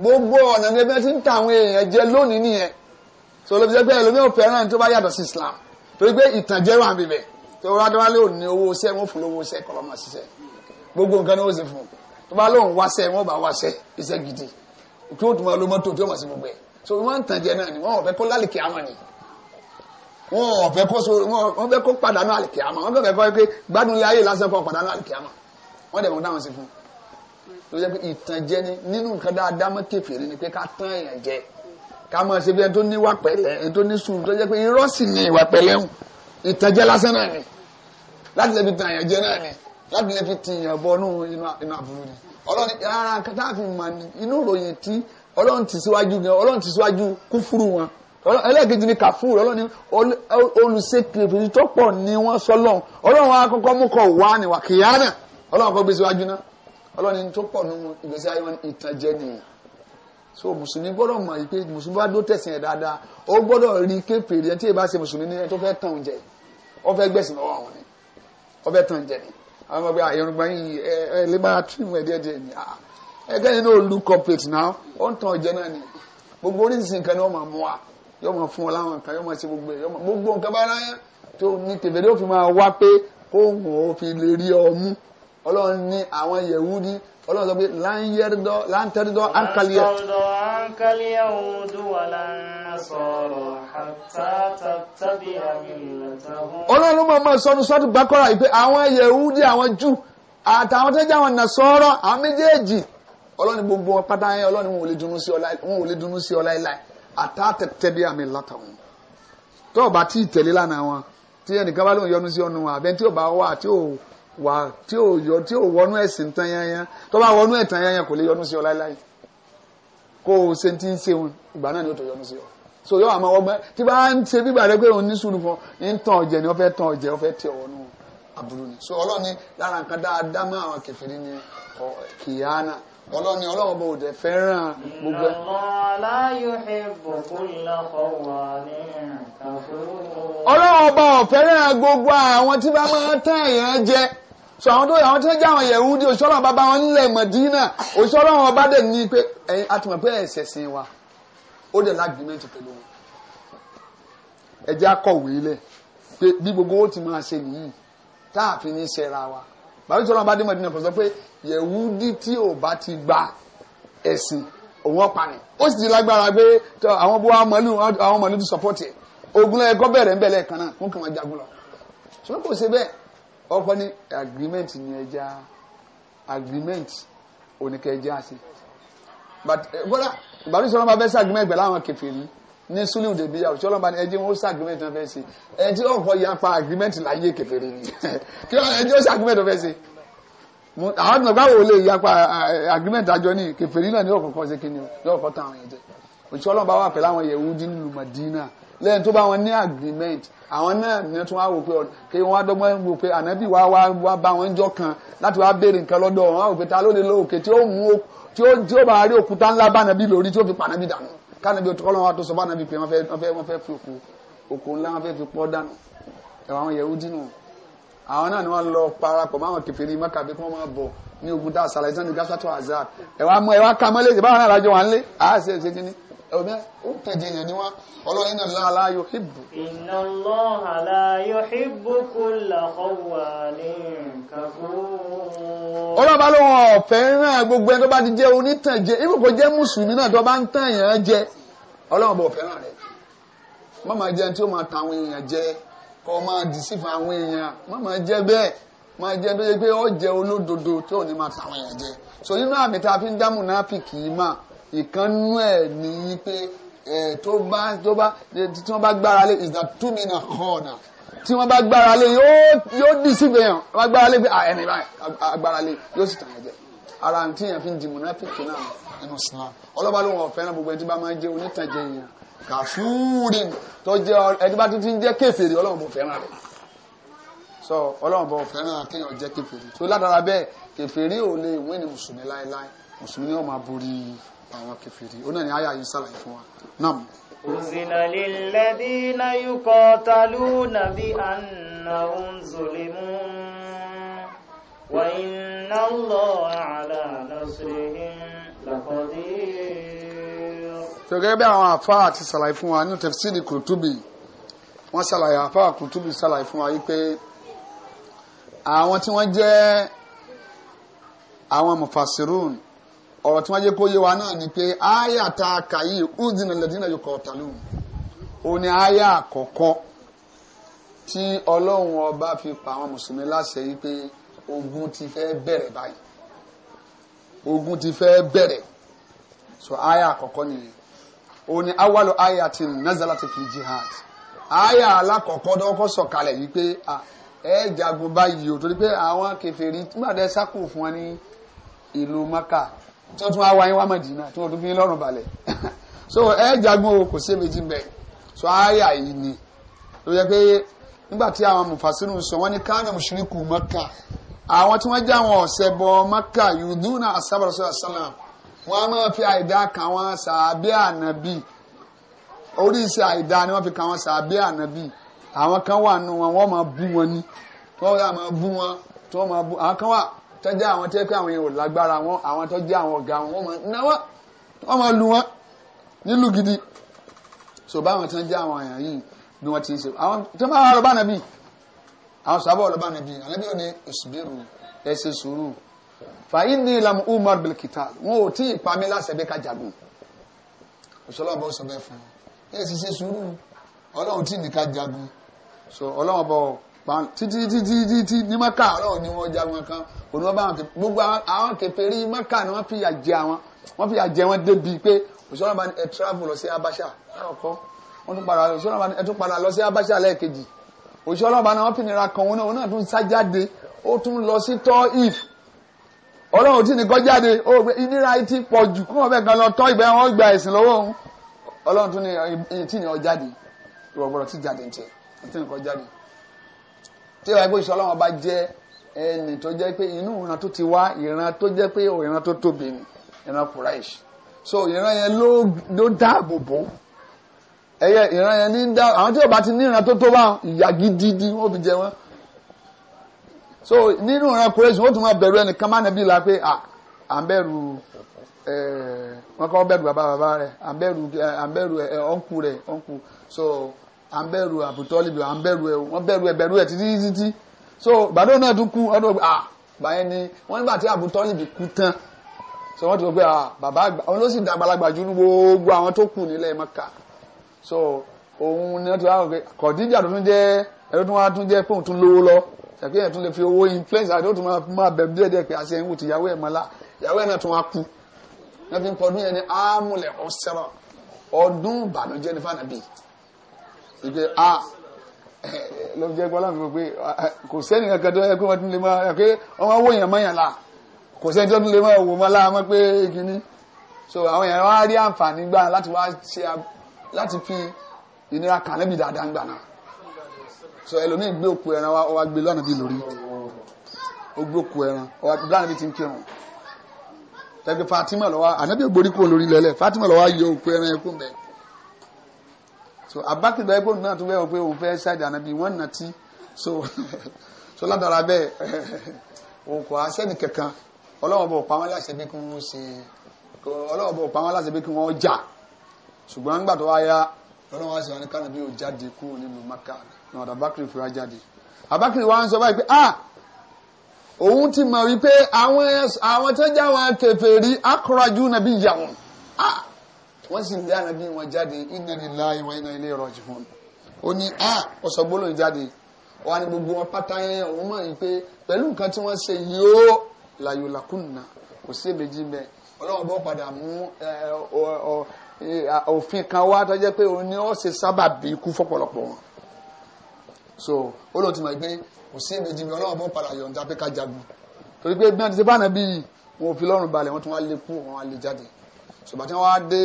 gbogbo ọ̀nà ni ẹgbẹ́ ti ń tàn àwọn èèyàn jẹ lónìí nìyẹn so lóbi jẹ́ pé ẹlòmí ò fẹ́ràn tó bá yàtọ̀ sí Islam torí pé ìtànjẹ́ wà bíbẹ̀ tó wọ́n adé wá lé òní owó iṣẹ́ wọn fún lówó iṣẹ́ kọ́ lọ́mọ ṣiṣẹ́ gbogbo nǹkan ni ó sì fún tó bá lóun wáṣẹ́ wọn bá wáṣẹ́ iṣẹ́ gidi tí ó tún máa lo mọ́tò tí ó máa ṣe gbogbo ẹ̀ so wọ́n ń tàn jẹ náà ni wọ́n ò fẹ́ kó lálìkì àmọ́ ni wọ́n ò fẹ́ kó so wọ́n fẹ́ kó pàdánù àlìkì àmọ́ wọ́n fẹ́ kó pé gbádùn ilé ayé lásán fún pàdánù àlìkì àmọ́ wọ́n dẹ̀ mọ́ dáhùn sí fún ló jẹ́ pé ìtànjẹ ni nínú nǹkan dáadáa mọ́ kèfèrí ni pé ká tán èèyàn jẹ ká máa ṣe bí ẹni tó ní wà pẹ̀lẹ́ ẹni tó ní ni ìwà pẹ̀lẹ́ hùn ìtànjẹ ni láti lè fi tàn ni láti lè fi tìyàn bọ inú àbúrò ni ọlọ́run fi mà ní inú ìròyìn tí ọlọ́run ti síwájú gan wọn ẹlẹ́ẹ̀kejì ni ọlọ́run ni olùsèkèfèsì tó pọ̀ ni wọ́n sọ lọ́hùn ọlọ́run mú wá ní wàkìyá náà ọlọ́run kọ́ gbé náà ọlọ́run tó pọ̀ ìgbésí ayé wọn ìtànjẹ nìyẹn so mùsùlùmí mùsùlùmí bá dó dáadáa ó rí kéferì tí ì bá ṣe mùsùlùmí ní tó àwọn ni àwọn ọgbẹ́ irùngbọ̀n yìí ẹ ẹ lè máa trim ẹ díẹ̀ díẹ̀ ni ah, ẹgbẹ́ yìí náà look complete náà ó ń tan ọ̀jẹ́ náà ni gbogbo oríṣiríṣi nǹkan ni wọ́n máa mú wa yóò máa fún ọ láwọn nǹkan yóò máa ṣe gbogbo ẹ̀ gbogbo nǹkan bá náà tó ní tèmẹ́lẹ́ ó fi máa wá pé kóhùn ó fi lè rí ọ mú ọlọ́run ní àwọn yẹ̀wú ní ọlọ́run sọ pé láńtẹ́rìndọ́ láńtẹ́rìndọ́ àǹkálíyà. ọ̀nà sọ̀rọ̀ àǹkálíyà òun dùn wà láàrin nasara hatta tattabi'a millatahum. ọlọ́run máa máa sọnu sọ́tù gbàkọ́ra ìpè àwọn yehudi àwọn jù àtàwọn tó jẹ́ àwọn nasara àwọn méjèèjì ọlọ́run gbogbo wọn pátá yẹn ọlọ́run wọn ò lè dunu sí ọ láéláé hatta tattabi'a millatahum. tó o bá tí ì tẹ̀lé lánàá wọn tí ẹnìkan bá lóun yọnu sí ọnu àbẹ tí o bá wà tí ò wà tí ò yọ tí ò wọnú ẹ̀sìn tán yányán tó bá wọnú ẹ̀tàn yányán kò lè yọnu sí ọ láéláé kó o ṣe ti ń ṣe wọn ìgbà náà ni ó tó yọnu sí ọ so yọ àmọ́ ọgbẹ́ tí bá ń ṣe bíbà rẹ pé òun ní sùúrù fún ń tàn ọ̀jẹ̀ ni wọ́n fẹ́ tàn ọ̀jẹ̀ wọ́n fẹ́ tẹ ọ̀wọ́ nù aburú ni so ọlọ́ni lára nǹkan dáadáa máa àwọn kẹfìrí ni kìyànà ọlọ́ni ọlọ́run bò dẹ̀ fẹ́ràn gbogbo ẹ̀. ọlọ́run ọba ọ̀fẹ́ràn gbogbo àwọn tí bá máa tán èèyàn jẹ so àwọn tó àwọn tó ń jẹ àwọn yẹ̀wù di òṣìṣọ́lọ́run bàbá wọn nílẹ̀ Mọ̀dínà òṣìṣọ́lọ́run ọba dẹ̀ ní pé ẹ̀yin àtùmọ̀ pé ẹ̀ṣẹ̀ sìn wa ó dẹ̀ lágbímẹ́ǹtì pẹ̀lú wọn ẹ jẹ́ akọ̀wé lẹ̀ pé bí gbogbo owó ti máa ṣe nìyí tá a fi ní ṣẹra wa bàbá ìṣòro àbádé mọ̀dínà kò sọ pé yẹ̀wúdí tí ò bá ti gba ẹ̀sìn òun ọ̀pá ni ó sì ti lágbára pé àwọn bó àwọn mọ̀lú àwọn mọ̀lú ti sọ̀pọ̀tì ẹ̀ ogun lẹ́yìn kọ́ bẹ̀rẹ̀ ń bẹ̀rẹ̀ kan náà wọ́n kàn máa jagun lọ ṣùgbọ́n kò ṣe bẹ́ẹ̀ ọkọ ní agreement ní ẹja agreement oníkẹ́já sí but kódà eh, ìbàdí sọlọ́n bá fẹ́ sàgbìmẹ̀ pẹ̀lú àwọn kẹfìrí ní suliu dèbí yà òṣìṣẹ́ ọlọ́mọba ni ẹjẹ́ wọn ó sàgbìmẹ̀ tó fẹ́ ṣe ẹjẹ́ ọ̀kọ́ yà pa àgbìmẹ̀tì láyé kẹfìrí ni (laughs) kí ẹjẹ́ ó sàgbìmẹ̀ tó fẹ́ ṣe àwọn ọ̀nà báwo lè yà pa àgbìmẹ̀tì àjọ ní kẹfìrí náà ní ọ̀kọ̀ọ̀kọ̀ ṣe kí ni ọ̀kọ̀ tán àwọn tó agreement àwọn náà ní tún wá wò pé kí wọ́n á dọ́gbọ́n wò pé ànábì wá wá bá wọn jọ kan láti wá béèrè nǹkan lọ́dọ̀ wọn á wò pé ta ló lè lo òkè tí ó tí ó bá rí òkúta ńlá bá nàbí lórí tí ó fi pa nàbí dànù kánàbí òtún kọ́lọ́wọ́ tó sọ bá nàbí pé wọ́n fẹ́ wọ́n fẹ́ wọ́n fẹ́ fi òkú òkú ńlá wọ́n fẹ́ fi pọ́ dànù ẹ̀wọ̀n àwọn Yẹhudi nù àwọn náà ni wọ́n lọ parapọ̀ máwọn kẹfìrí mọ́kà bí wọ́n máa bọ̀ ní ogun tá a sàlàyé sani gásátọ̀ àzá ẹ̀wọ̀n ká mọ́lé ìbáwọn náà lájọ wà ń lé àá ṣe é ṣe kíní ẹ̀rọ̀dẹ́ ó kejì èèyàn ni wọ́n ọlọ́run iná lọ́wọ́ aláyò hìbù. iná ló wọn ọ̀fẹ́ náà gbogbo ẹni tó bá ti jẹ́ onítànjẹ ibù je jẹ́ mùsùlùmí náà tó bá ń tàn èèyàn jẹ ọlọ́run bò fẹ́ràn rẹ̀ má jẹ́ tí ó máa ta àwọn èèyàn jẹ máa dì sí fún àwọn èèyàn jẹ́ bẹ́ẹ̀ máa jẹ́ bẹ́ẹ̀ pé jẹ́ olódodo ní máa ta àwọn so nínú àmì tá a fi ń dámù náà kì í ìkànnú ẹ̀ ní wípé tó bá tó bá tí wọ́n bá gbára lé is that two mina kọ́ọ̀nà tí wọ́n bá gbára lé yóò dì síbi yàn wọ́n bá gbára lé pé ẹni báyìí agbára lé yóò sì tàn án jẹ ara àǹtí yẹn fi ń dìmọ̀ náà fi kìnnà nínú Islam ọlọ́ba ló wọ̀ fẹ́ràn gbogbo ẹni tí bá máa ń jẹ́ onítàjẹ yẹn kàfúrì tó jẹ́ ẹni bá tún ti ń jẹ́ kèfèrí ọlọ́run bò fẹ́ràn rẹ̀ so ọlọ́run bò fẹ́ràn kéèyàn jẹ́ kèfèrí so ládàra bẹ́ẹ̀ kèfèrí ò lè wí ni mùsùlùmí láéláé mùsùlùmí ni wọ́n máa borí pa àwọn kèfèrí ó náà ní àyà yìí sàlàyé fún wa náà. òzìnà lílẹ́bí náà yúkọ talú nàbí àná òun zòlè mú وإن الله على نصرهم لقدير so gẹ́gẹ́ àwọn àfáà ti ṣàlàyé fún wa nínú tafsiri kùrùtùbì wọ́n ṣàlàyé àfáà kùrùtùbì ṣàlàyé fún wa wípé àwọn tí wọ́n jẹ́ àwọn mufasirun ọ̀rọ̀ tí wọ́n yé kó yé wa náà ni pé aya ta kàyí udina lẹ́dínà yóò kọ́ tàlù ó ní aya àkọ́kọ́ tí ọlọ́run ọba fi pa àwọn mùsùlùmí láṣẹ yìí pé ogun ti fẹ́ bẹ̀rẹ̀ báyìí ogun ti fẹ́ bẹ̀rẹ̀ so aya àkọ́kọ́ nìyẹn ó ní awalo aya ti nazala ti fi jihad aya alákọ̀ọ́kọ́ dọ́kọ́ sọ̀kalẹ̀ yìí pé ẹ jagun báyìí o torí pé àwọn kèfèrí túmọ̀ dẹ́ sákò fún wọn ní ìlú maka tí wọ́n tún wá wa wá Mádínà tí wọ́n fi so ẹ jagun o kò sí mbẹ so àyà yìí ni ló yẹ pé nígbà àwọn mufasiru sọ wọ́n ni káàmì mùsùlùkù Mẹ́kà àwọn tí wọ́n já wọn ọ̀sẹ̀ bọ Mẹ́kà yuduna asábàrọ̀sọ sálàm wọ́n á máa fi àìdá kan wọn sàbí ànábì oríṣi àìdá ni wọ́n fi kan wọn sàbí ànábì àwọn kan wà nù wọn máa bú wọn ni tó jẹ́ àwọn tó yẹ pé àwọn yẹn ò lágbára wọn àwọn tó jẹ́ àwọn ọ̀gá wọn wọ́n máa ná wọn wọ́n máa lu wọn nílùú gidi so báwọn tó jẹ́ àwọn èèyàn yìí bí wọ́n ti ń ṣe àwọn tó máa lọ bá nàbí àwọn sábà lọ bá nàbí ànábì ò ní ìsùbírù ẹ ṣe sùúrù fàyín ní ìlànà umar bilkita wọn ò tí ì pa mí láṣẹ bí ká jagun òṣèlọ́bọ̀ sọ bẹ́ẹ̀ fún ẹ ṣe sùúrù ọlọ́run tí ì ní ká jagun so ọlọ́run bọ̀ títí títí títí ní mẹ́kà ọlọ́run ni wọ́n jagun kan òní wọ́n bá wọn kẹfẹ́ gbogbo àwọn kẹfẹ́ rí mẹ́kà ni wọ́n fìyà jẹ àwọn wọ́n fìyà jẹ wọn débi pé òṣèlú bá ní ẹ travel lọ sí Abacha lọ́kọ́ wọ́n tún padà òṣèlú bá ní ẹ tún padà lọ sí Abacha lẹ́ẹ̀kejì òṣèlú bá ní wọ́n fìnira kan òun náà òun náà tún sájáde ó tún lọ sí tọ́ if ọlọ́run tí ni kọjáde ó gbé ìnira ti pọ̀ jù kí wọ́n fẹ́ gan lọ tọ́ ìgbẹ́ wọn gba ẹ̀sìn tí ìwà ìgbésí wọn bá jẹ ẹni tó jẹ pé inú ìran ti wá ìran tó pé ìran tó tóbi ni ìran so ìran ló dáàbò bò ẹyẹ ìran ní dá àwọn tí ti ní tó tó bá jẹ wọn so nínú ìran wọn tún máa ẹnìkan la pé à ń wọn kọ́ bàbá bàbá à ń bẹ̀rù àbùtọ́lìbì à ń bẹ̀rù ẹ̀ wọ́n bẹ̀rù ẹ̀ bẹ̀rù ẹ̀ títí títí so gbàdúrà náà tún kú ọdún ọgbà ah báyẹn ni wọ́n nígbà tí àbùtọ́lìbì kú tán so wọ́n ti rò pé ah bàbá àgbà òun ló sì dá àgbàlagbà ju gbogbo àwọn tó kù nílẹ̀ Mẹ́kà so òun ni wọ́n ti wá pé kọ̀díjà tó tún jẹ́ ẹ̀rọ tó wá tún jẹ́ pé òun tún lówó lọ ṣàpé ẹ̀ tún lè fi owó influence àti ó tún máa bẹ̀rù díẹ̀ ah, ìgbé a lọ jẹ́ gbọ́lá mi pé kò sẹ́ni kankan tó yẹ pé tún lè máa pé wọ́n máa èèyàn mọ́yàn la kò sẹ́ni tó tún lè máa wò mọ́ láàmọ́ pé kínní so àwọn èèyàn wá rí àǹfààní gbà láti wá ṣe láti fi ìnira kàn lẹ́bi dáadáa ń gbà náà so ẹlòmíì gbé òkú ẹran wa wá gbé lọ́nà bíi lórí ó gbé òkú ẹran wa lọ́nà bíi ti ń kírun tẹ́gbẹ́ Fatima lọ́wọ́ ànábìyẹ gborí kúrò lórí lẹ́lẹ̀ Fatima lọ́wọ́ yọ òkú ẹran ẹkún bẹ́ẹ̀ so abakiri bẹ́ẹ̀ gbóhùn náà tó bẹ́ẹ̀ wọ pé òun fẹ́ ṣáàdì ànábì wọ́n nà tí so (laughs) so ládàra bẹ́ẹ̀ (laughs) òun kò àṣẹ́ni kankan ọlọ́wọ́ bọ̀ pa wọ́n láṣẹ bí kí wọ́n ṣe ọlọ́wọ́ bọ̀ pa wọ́n láṣẹ bí kí wọ́n jà ṣùgbọ́n nígbà tó wá yá lọ́lọ́wọ́ àṣẹ wọn ni kánàbí ò jáde kúrò nínú maka ní abakiri fi jáde abakiri wa ń sọ báyìí pé ah òun ti mọ̀ wípé àwọn tó jáwọn kèfèrí akọ̀rọ̀jú nàbí yà wọn ah wọ́n sì lé ànábì wọn jáde inna lillahi wa inna ilayhi raji'un ó ní a ọ̀sọ̀ gbólóhùn jáde wọ́n á ní gbogbo wọn pátá yẹn òun mọ̀ yìí pé pẹ̀lú nǹkan tí wọ́n ṣe yìí ó làyò làkúnnà kò sí èbèjì bẹ́ẹ̀ ọlọ́run bọ́ padà mú òfin kan wá tó pé òun ni ó ṣe sábàbí ikú fọ́pọ̀lọpọ̀ wọn so olóòtú mọ̀ pé kò sí èbèjì bẹ́ẹ̀ ọlọ́run bọ́ padà yọ̀ǹda pé ká jagun torí pé bí wọ́n ti ṣe bá ànábì wọn ò fi lọ́rùn balẹ̀ wọ́n tún wá lé wọn á lé jáde ṣùgbọ́n tí wọ́n wá dé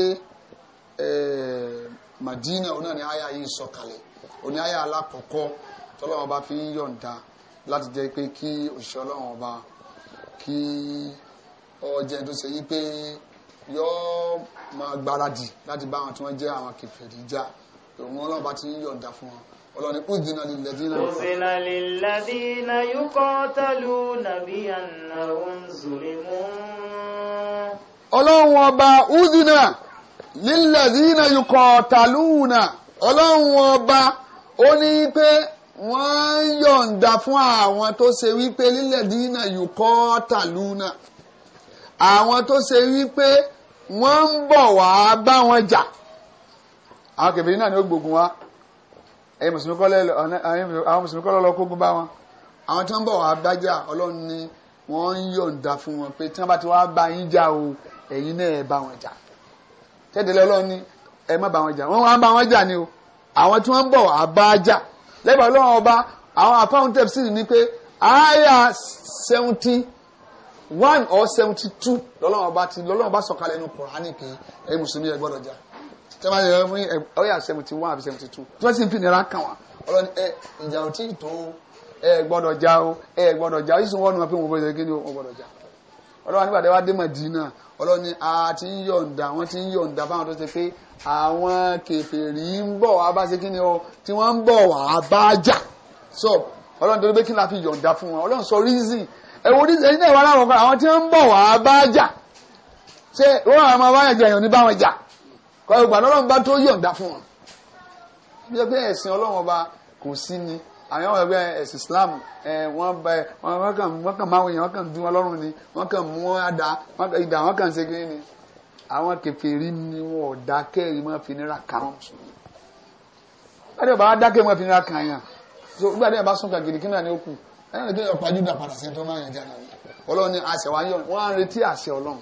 Eh, Madina òun náà ni àyà yìí sọ̀kalẹ̀ òun ni alákọ̀ọ́kọ́ tọ́lọ́wọ́n ọba fi ń yọ̀ǹda láti jẹ́ pé kí òṣìṣẹ́ ọlọ́run ọba kí ọjẹ́ tó ṣe yí pé yọ́ máa gbáradì láti bá àwọn tí wọ́n jẹ́ àwọn kèfèrí jà òun ọlọ́run ọba ti ń yọ̀ǹda fún wọn ọlọ́run ní udina lilladina. udina lilladina ọba udina lílẹ̀dínà yukọ̀ tàlúùnà ọlọ́run ọba ó ní pé wọ́n ń yọ̀ǹda fún àwọn tó ṣe wípé lílẹ̀dínà yukọ̀ tàlúùnà àwọn tó ṣe wípé wọ́n ń bọ̀ wá bá wọn jà àwọn kèbèrè náà ni ó gbógun wá ẹ̀yin mùsùlùmí kọ́ lọ́lọ́ kógun bá wọn àwọn tí wọ́n ń bọ̀ wá bá ọlọ́run ni wọ́n ń yọ̀ǹda fún wọn pé tí wọ́n bá ti wá bá yín jà o ẹ̀yin náà ẹ bá wọn jà tẹ́tẹ̀lẹ́ ọlọ́run ní ẹ má ba wọn jà wọ́n wá ń bá jà ni o àwọn tí wọ́n ń bọ̀ wá bá lẹ́bàá ọlọ́run ọba àwọn àfáwọn tẹ̀sí ni pé àyà seventy one or seventy two lọ́lọ́run ọba ti lọ́lọ́run ọba sọ̀kalẹ̀ nínú Kùránì pé ẹ mùsùlùmí ẹ gbọ́dọ̀ jà tẹ́lá yẹ fún ọyà seventy one àbí seventy two tí wọ́n sì ń fi nira kàn wá ọlọ́ni ẹ ìjà ò tí ì tó ẹ gbọ́dọ̀ jà o ẹ gbọ́dọ̀ jà o ìsìn wọn nù wọn pé wọn gbọ́dọ̀ jà ọlọ́wọ́ nígbà tí wọ́n dé Mọ̀dínà ọlọ́wọ́ ni a ti ń yọ̀ǹda wọ́n ti ń yọ̀ǹda fáwọn tó ṣe pé àwọn kèfèrí ń bọ̀ wá bá ṣe kí ni o tí wọ́n ń bọ̀ wá bá jà so ọlọ́run torí pé kí n la fi yọ̀ǹda fún wọn ọlọ́run sọ rízìn ẹ̀wọ̀n rízìn ẹ̀yin náà wà láwọn kan àwọn tí wọ́n ń bọ̀ wá bá jà ṣé wọ́n àwọn ọmọ báyà jẹ èèyàn ní báwọn jà kọ́ ẹ̀gbà lọ́run bá tó yọ̀ǹda fún wọn bí ẹgbẹ́ àwọn ọmọ ẹgbẹ́ eh, ẹ̀sìn Islam eh, wọ́n bẹ wọ́n kàn wọ́n kàn máa wọ̀nyẹn wọ́n kàn dún wọn lọ́rùn ni wọ́n kàn mú wọn àdá ìdá wọ́n kàn ṣe kiri ni àwọn kèfèrí ni wọn ò dákẹ́ ìmọ̀ fìnira kàn án sùn. láti ọba dákẹ́ ìmọ̀ fìnira kàn yàn so nígbà tí ẹ bá sún kàgìrì kí náà ni ó kù ẹ̀yìn lè kéèyàn pajú dà padà sẹ́ńtọ́ máa yàn jáde ọlọ́run ni àṣẹ wa yọ̀n wọ́n retí àṣẹ ọlọ́run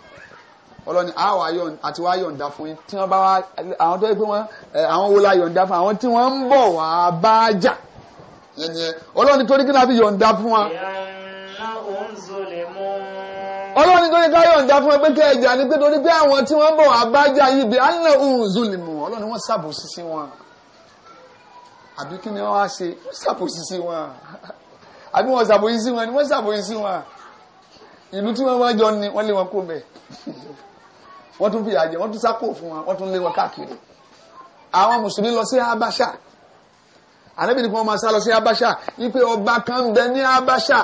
ọlọ́run ni àwa àti wa yọ̀n dá fún yín tí wọ́n bá wa àwọn tó yẹ pé wọ́n eh, àwọn wo la yọ̀n dá fún àwọn tí wọ́n ń bọ̀ wá bá jà yẹn yẹn ọlọ́run nítorí kí nàbí yọ̀ǹda fún wa. ọlọ́run nítorí ká yọ̀ǹda fún wa pé kí ẹja ni pé torí pé àwọn tí wọ́n bọ̀ abájá yìí bí alẹ́ òun zulimu ọlọ́run wọ́n ṣàbòsí sí wọn àbí kí ni wọ́n wá ṣe wọ́n ṣàbòsí sí wọn àbí wọ́n ṣàbòsí sí wọn ni wọ́n ṣàbòsí sí wọn ìlú tí wọ́n wá jọ ni wọ́n lé wọn kó bẹ̀ wọ́n tún fìyà jẹ wọ́n tún sákò fún wọn wọ́n tún lé wọn káàkiri àwọn mùsùlùmí lọ sí Habasha ànábì ni kí wọ́n máa sá lọ sí ọba kan bẹ ní abáṣà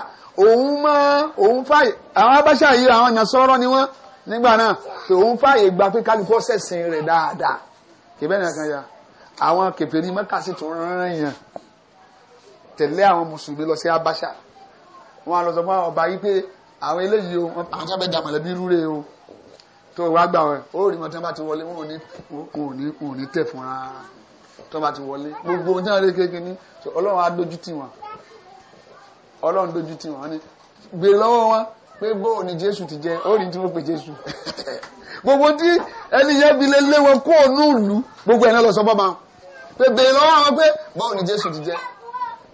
òun máa òun fàyè àwọn abáṣà yìí àwọn àyànsọ́rọ́ ni wọ́n nígbà náà òun fàyè gba pé kálukú ṣẹ̀sìn rẹ̀ dáadáa kìbẹ́ ní àkànyà àwọn kèfèrí Mẹ́kà sì tún rán yàn tẹ̀lé àwọn mùsùlùmí lọ sí abáṣà wọn lọ sọ fún àwọn ọba yìí pé àwọn eléyìí o àwọn sábẹ́ dà mọ̀lẹ́bí rúre o tó wàá gbà wọn ó rí mọ́tẹ́ bá ti wọlé wọn ò ní tẹ̀ fún wọn tó bá ti wọlé gbogbo ohun tí wọ́n lè kéèké ní ọlọ́run á dójú tì wọ́n ọlọ́run dójú tì wọ́n ni gbèrè e lọ́wọ́ wọn pé bóò ni jésù ti jẹ ó rí tí wọ́n pe jésù (laughs) gbogbo tí ẹni yẹn bi lé lé wọn kó ònú ìlú gbogbo ẹ̀ náà lọ sọ bọ́ máa pé gbèrè lọ́wọ́ wọn pé bóò ni jésù ti jẹ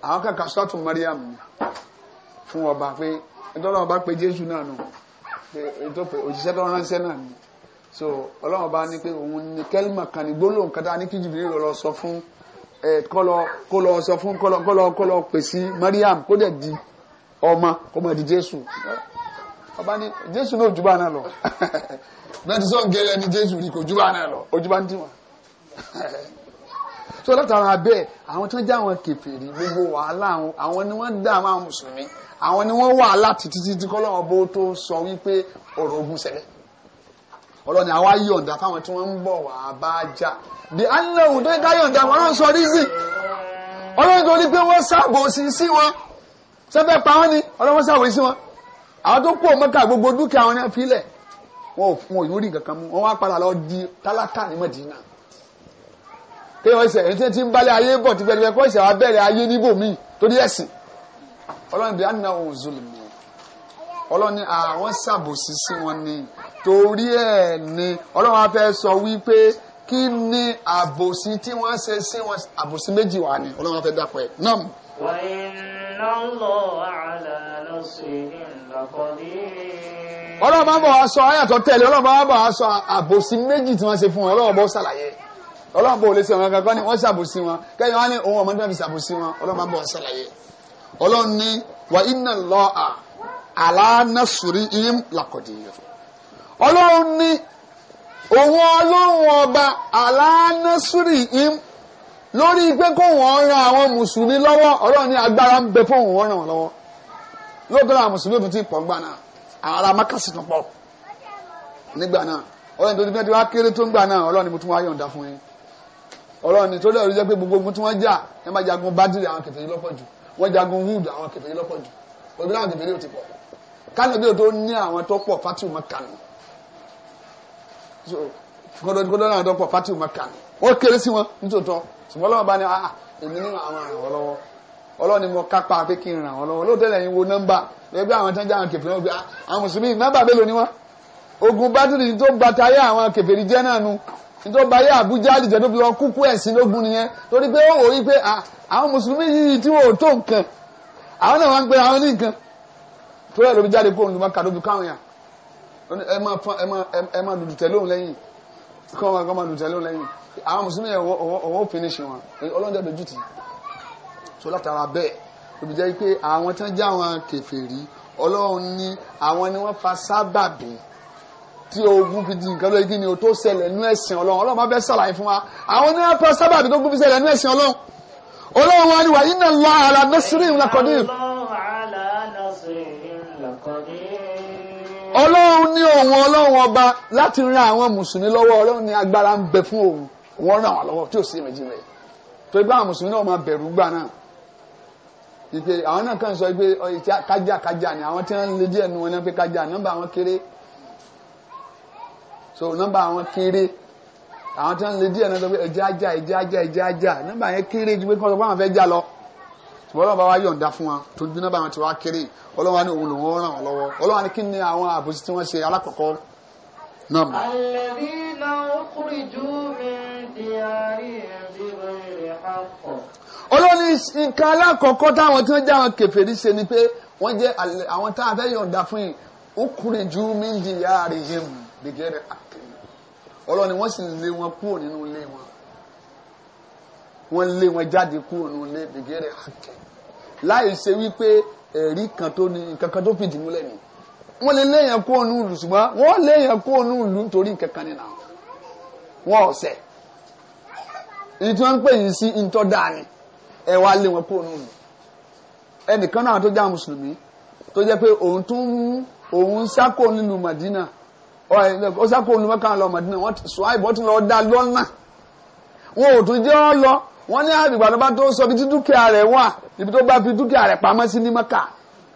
àwọn kàkà sọ́ọ̀tù mariam fún ọba pé ẹjọ́ náà bá pe jésù náà nù pé òjíṣẹ́ tó ránṣẹ́ náà nù so ọlọ́run bá ní pé òun ní kẹ́límà kan ní gbólóhùn kan tá a ní kí jìbìrì lọ sọ fún ẹ kọlọ kọlọ sọ fún kọlọ kọlọ kọlọ pè sí Mariam kó dẹ̀ di ọmọ kọmọ di Jésù ọba ní Jésù náà ojúbà náà lọ (laughs) bẹ́ẹ̀ ti sọ gẹ́gẹ́ ní Jésù rí kò ojúbà náà lọ ojúbà ń tiwọn (laughs) so látara bẹ́ẹ̀ àwọn tó ń jẹ́ àwọn kèfèrí gbogbo wàhálà àwọn àwọn ni wọ́n dá àwọn mùsùlùmí àwọn ni wọ́n wà láti títí tí kọ́lọ́wọ́ bó tó sọ wípé ọ̀rọ̀ ọlọ́ni àwa yọ̀ǹda fáwọn tí wọ́n ń bọ̀ wá bá jà bí aláwo tó ń ká yọ̀ǹda wọn náà sọ rízì ọlọ́ni tó ní pé wọ́n ṣàbòsí sí wọn sẹ́fẹ́ pa wọ́n ni ọlọ́wọ́n ṣàbòsí sí wọn àwọn tó kú ọmọkà gbogbo dúkìá wọn ní àfilẹ̀ wọn ò fún òyìnbó rí kankan mú wọn wá padà lọ di tálákà ní Mẹdínà pé wọn ṣe ẹni tí ń balẹ̀ ayé bọ̀ ti bẹ̀rẹ̀ kọ́ ìṣẹ̀wá bẹ̀rẹ̀ ayé níbò míì torí ẹ̀sìn ọlọ́ni bí anáwó zulmi ọlọ́ni àwọn ṣàbòsí sí wọn ni torí ẹ̀ ni ọlọ́run á fẹ́ sọ wípé kí ni àbòsí tí wọ́n ṣe sí wọn àbòsí méjì wà ní ọlọ́run á fẹ́ dàpọ̀ ẹ̀ náà. wà iná lọ àlà lọ sí ìlàkọ̀dé. ọlọ́run bá bọ̀ wá sọ ayàtọ̀ tẹ̀lé ọlọ́run bá bọ̀ wá sọ àbòsí méjì tí wọ́n ṣe fún wọn ọlọ́run bó ṣàlàyé ọlọ́run bó lè ṣe wọn kankan ni wọ́n ṣàbòsí wọn kẹ́yìn wọn ní òun ọmọdé náà fi ṣàbòsí wọn ọlọ́run bá bọ̀ wá ọlọ́run ní wà iná lọ àlà násùrí ìhìn làkọ̀dé yẹn ọlọ́run ní òun ọlọ́run ọba aláàánásírì im lórí pé kó wọ́n ran àwọn mùsùlùmí lọ́wọ́ ọlọ́run ní agbára ń bẹ fóun wọ́n ràn wọ́n lọ́wọ́ lóògbé àwọn mùsùlùmí òfin ti pọ̀ ńgbà náà àwọn ará mákàsì tó pọ̀ nígbà náà ọlọ́run tó ti fẹ́ ti wá kéré tó ń gbà náà ọlọ́run ni mo tún wá yọ̀ǹda fún yín ọlọ́run ni tó dẹ̀ jẹ́ pé gbogbo ogun tí wọ́n jà ẹ má jagun bádìrì àwọn kẹfẹ́ yìí lọ́pọ̀ jù wọ́n jagun wood àwọn kẹfẹ́ yìí lọ́pọ̀ jù òbí náà kẹfẹ́ yìí ò ti pọ̀ kánò bí o tó ní àwọn tó pọ̀ fatima kánò kódókódó náà dọ́pọ̀ fati maka wọ́n kéré kele wọn nítòótọ́ ṣùgbọ́n ah, ah, ọlọ́run ni mo kápá pé kí n ràn wọ́n lọ́wọ́ lóòótọ́ lẹ́yìn wo nọ́mbà n'ebe àwọn tán àwọn kẹfìrí wọn bí ah, àwọn mùsùlùmí ogun bátìrì tó torí pé ó pé àwọn mùsùlùmí yìí tí wọn ò tó nǹkan àwọn náà wọn ń pe àwọn ní ẹ máa fún ẹ máa ẹ máa dùdù tẹ̀lé òun lẹ́yìn kí wọ́n máa kọ́ máa dùdù tẹ̀lé òun lẹ́yìn àwọn mùsùlùmí yẹn owó finish wọn ọlọ́dẹ dojú ti so látara bẹ́ẹ̀ òbí jẹ́ pé àwọn tí wọ́n já wọn kèfèrí ọlọ́run ní àwọn ni wọ́n fa sábàbí tí ogun fi di nǹkan lóye kí ni o tó ṣẹlẹ̀ nú ẹ̀sìn ọlọ́run ọlọ́run bá bẹ́ẹ̀ sàlàyé fún wa àwọn ni wọ́n fa sábàbí tó gún fi ṣẹlẹ̀ nú ẹ̀sìn ọlọ́run ọlọ́run wa ni wà ọlọ́run ní òun ọlọ́run ọba láti ran àwọn mùsùlùmí lọ́wọ́ ọlọ́run ní agbára ń bẹ fún òun wọ́n ràn wá lọ́wọ́ tí ò sí méjì rẹ̀ torí pé àwọn mùsùlùmí náà máa bẹ̀rù gbà náà ìpè àwọn náà kàn sọ pé kájà kájà ni àwọn tí wọ́n ń lé díẹ̀ nu wọn náà pé kájà nọ́mbà àwọn kéré so nọ́mbà àwọn kéré àwọn tí wọ́n ń lé díẹ̀ náà sọ pé ẹ̀jẹ̀ ajá ẹ̀jẹ̀ ajá ẹ̀jẹ̀ ajá nọ́mbà yẹn kéré ju pé kí ọlọ́run bá wá yọ̀ǹda fún wa torí náà bá wọn ti wá kéré ọlọ́run wá ní òun lòun ràn wọ́n lọ́wọ́ ọlọ́run wá ní kí ni àwọn àbòsí tí wọ́n ṣe alákọ̀ọ́kọ́ náà mọ̀. àlẹ́bí náà ó kúrì jù mí di àárín ẹ̀dínwó rẹ̀ àpọ̀. olórí nǹkan alákọ̀ọ́kọ́ táwọn tí wọ́n jẹ́ àwọn kèfèrí ṣe ni pé wọ́n jẹ́ àwọn tá a fẹ́ yọ̀ǹda fún yìí ó kúrì jù mí di àárín ẹ̀dínwó rẹ̀ àpọ̀ wọ́n lé wọn jáde kúrò nílé bìgẹ́rẹ́ àkẹ́ láì ṣe wípé ẹ̀rí kan tó ní nǹkan kan tó fìdí múlẹ̀ ni wọ́n lè léèyàn kó ònú ìlú ṣùgbọ́n wọ́n léèyàn kó ònú ìlú nítorí nǹkan kan nínú wọn ọ̀sẹ̀ èyí tí wọ́n ń pè sí ni ẹ wá lé wọn kó ònú ìlú ẹnìkan náà tó já mùsùlùmí tó jẹ́ pé òun tún òun sákò nínú Madina ó sákò nínú mẹ́kànlá Madina wọ́n sọ dá lọ́nà wọn ò ọ lọ wọ́n ní àbígbà ló bá tó sọ ibi tí dúkìá rẹ̀ wà ibi tó bá fi dúkìá rẹ̀ pamọ́ sí ní mẹ́kà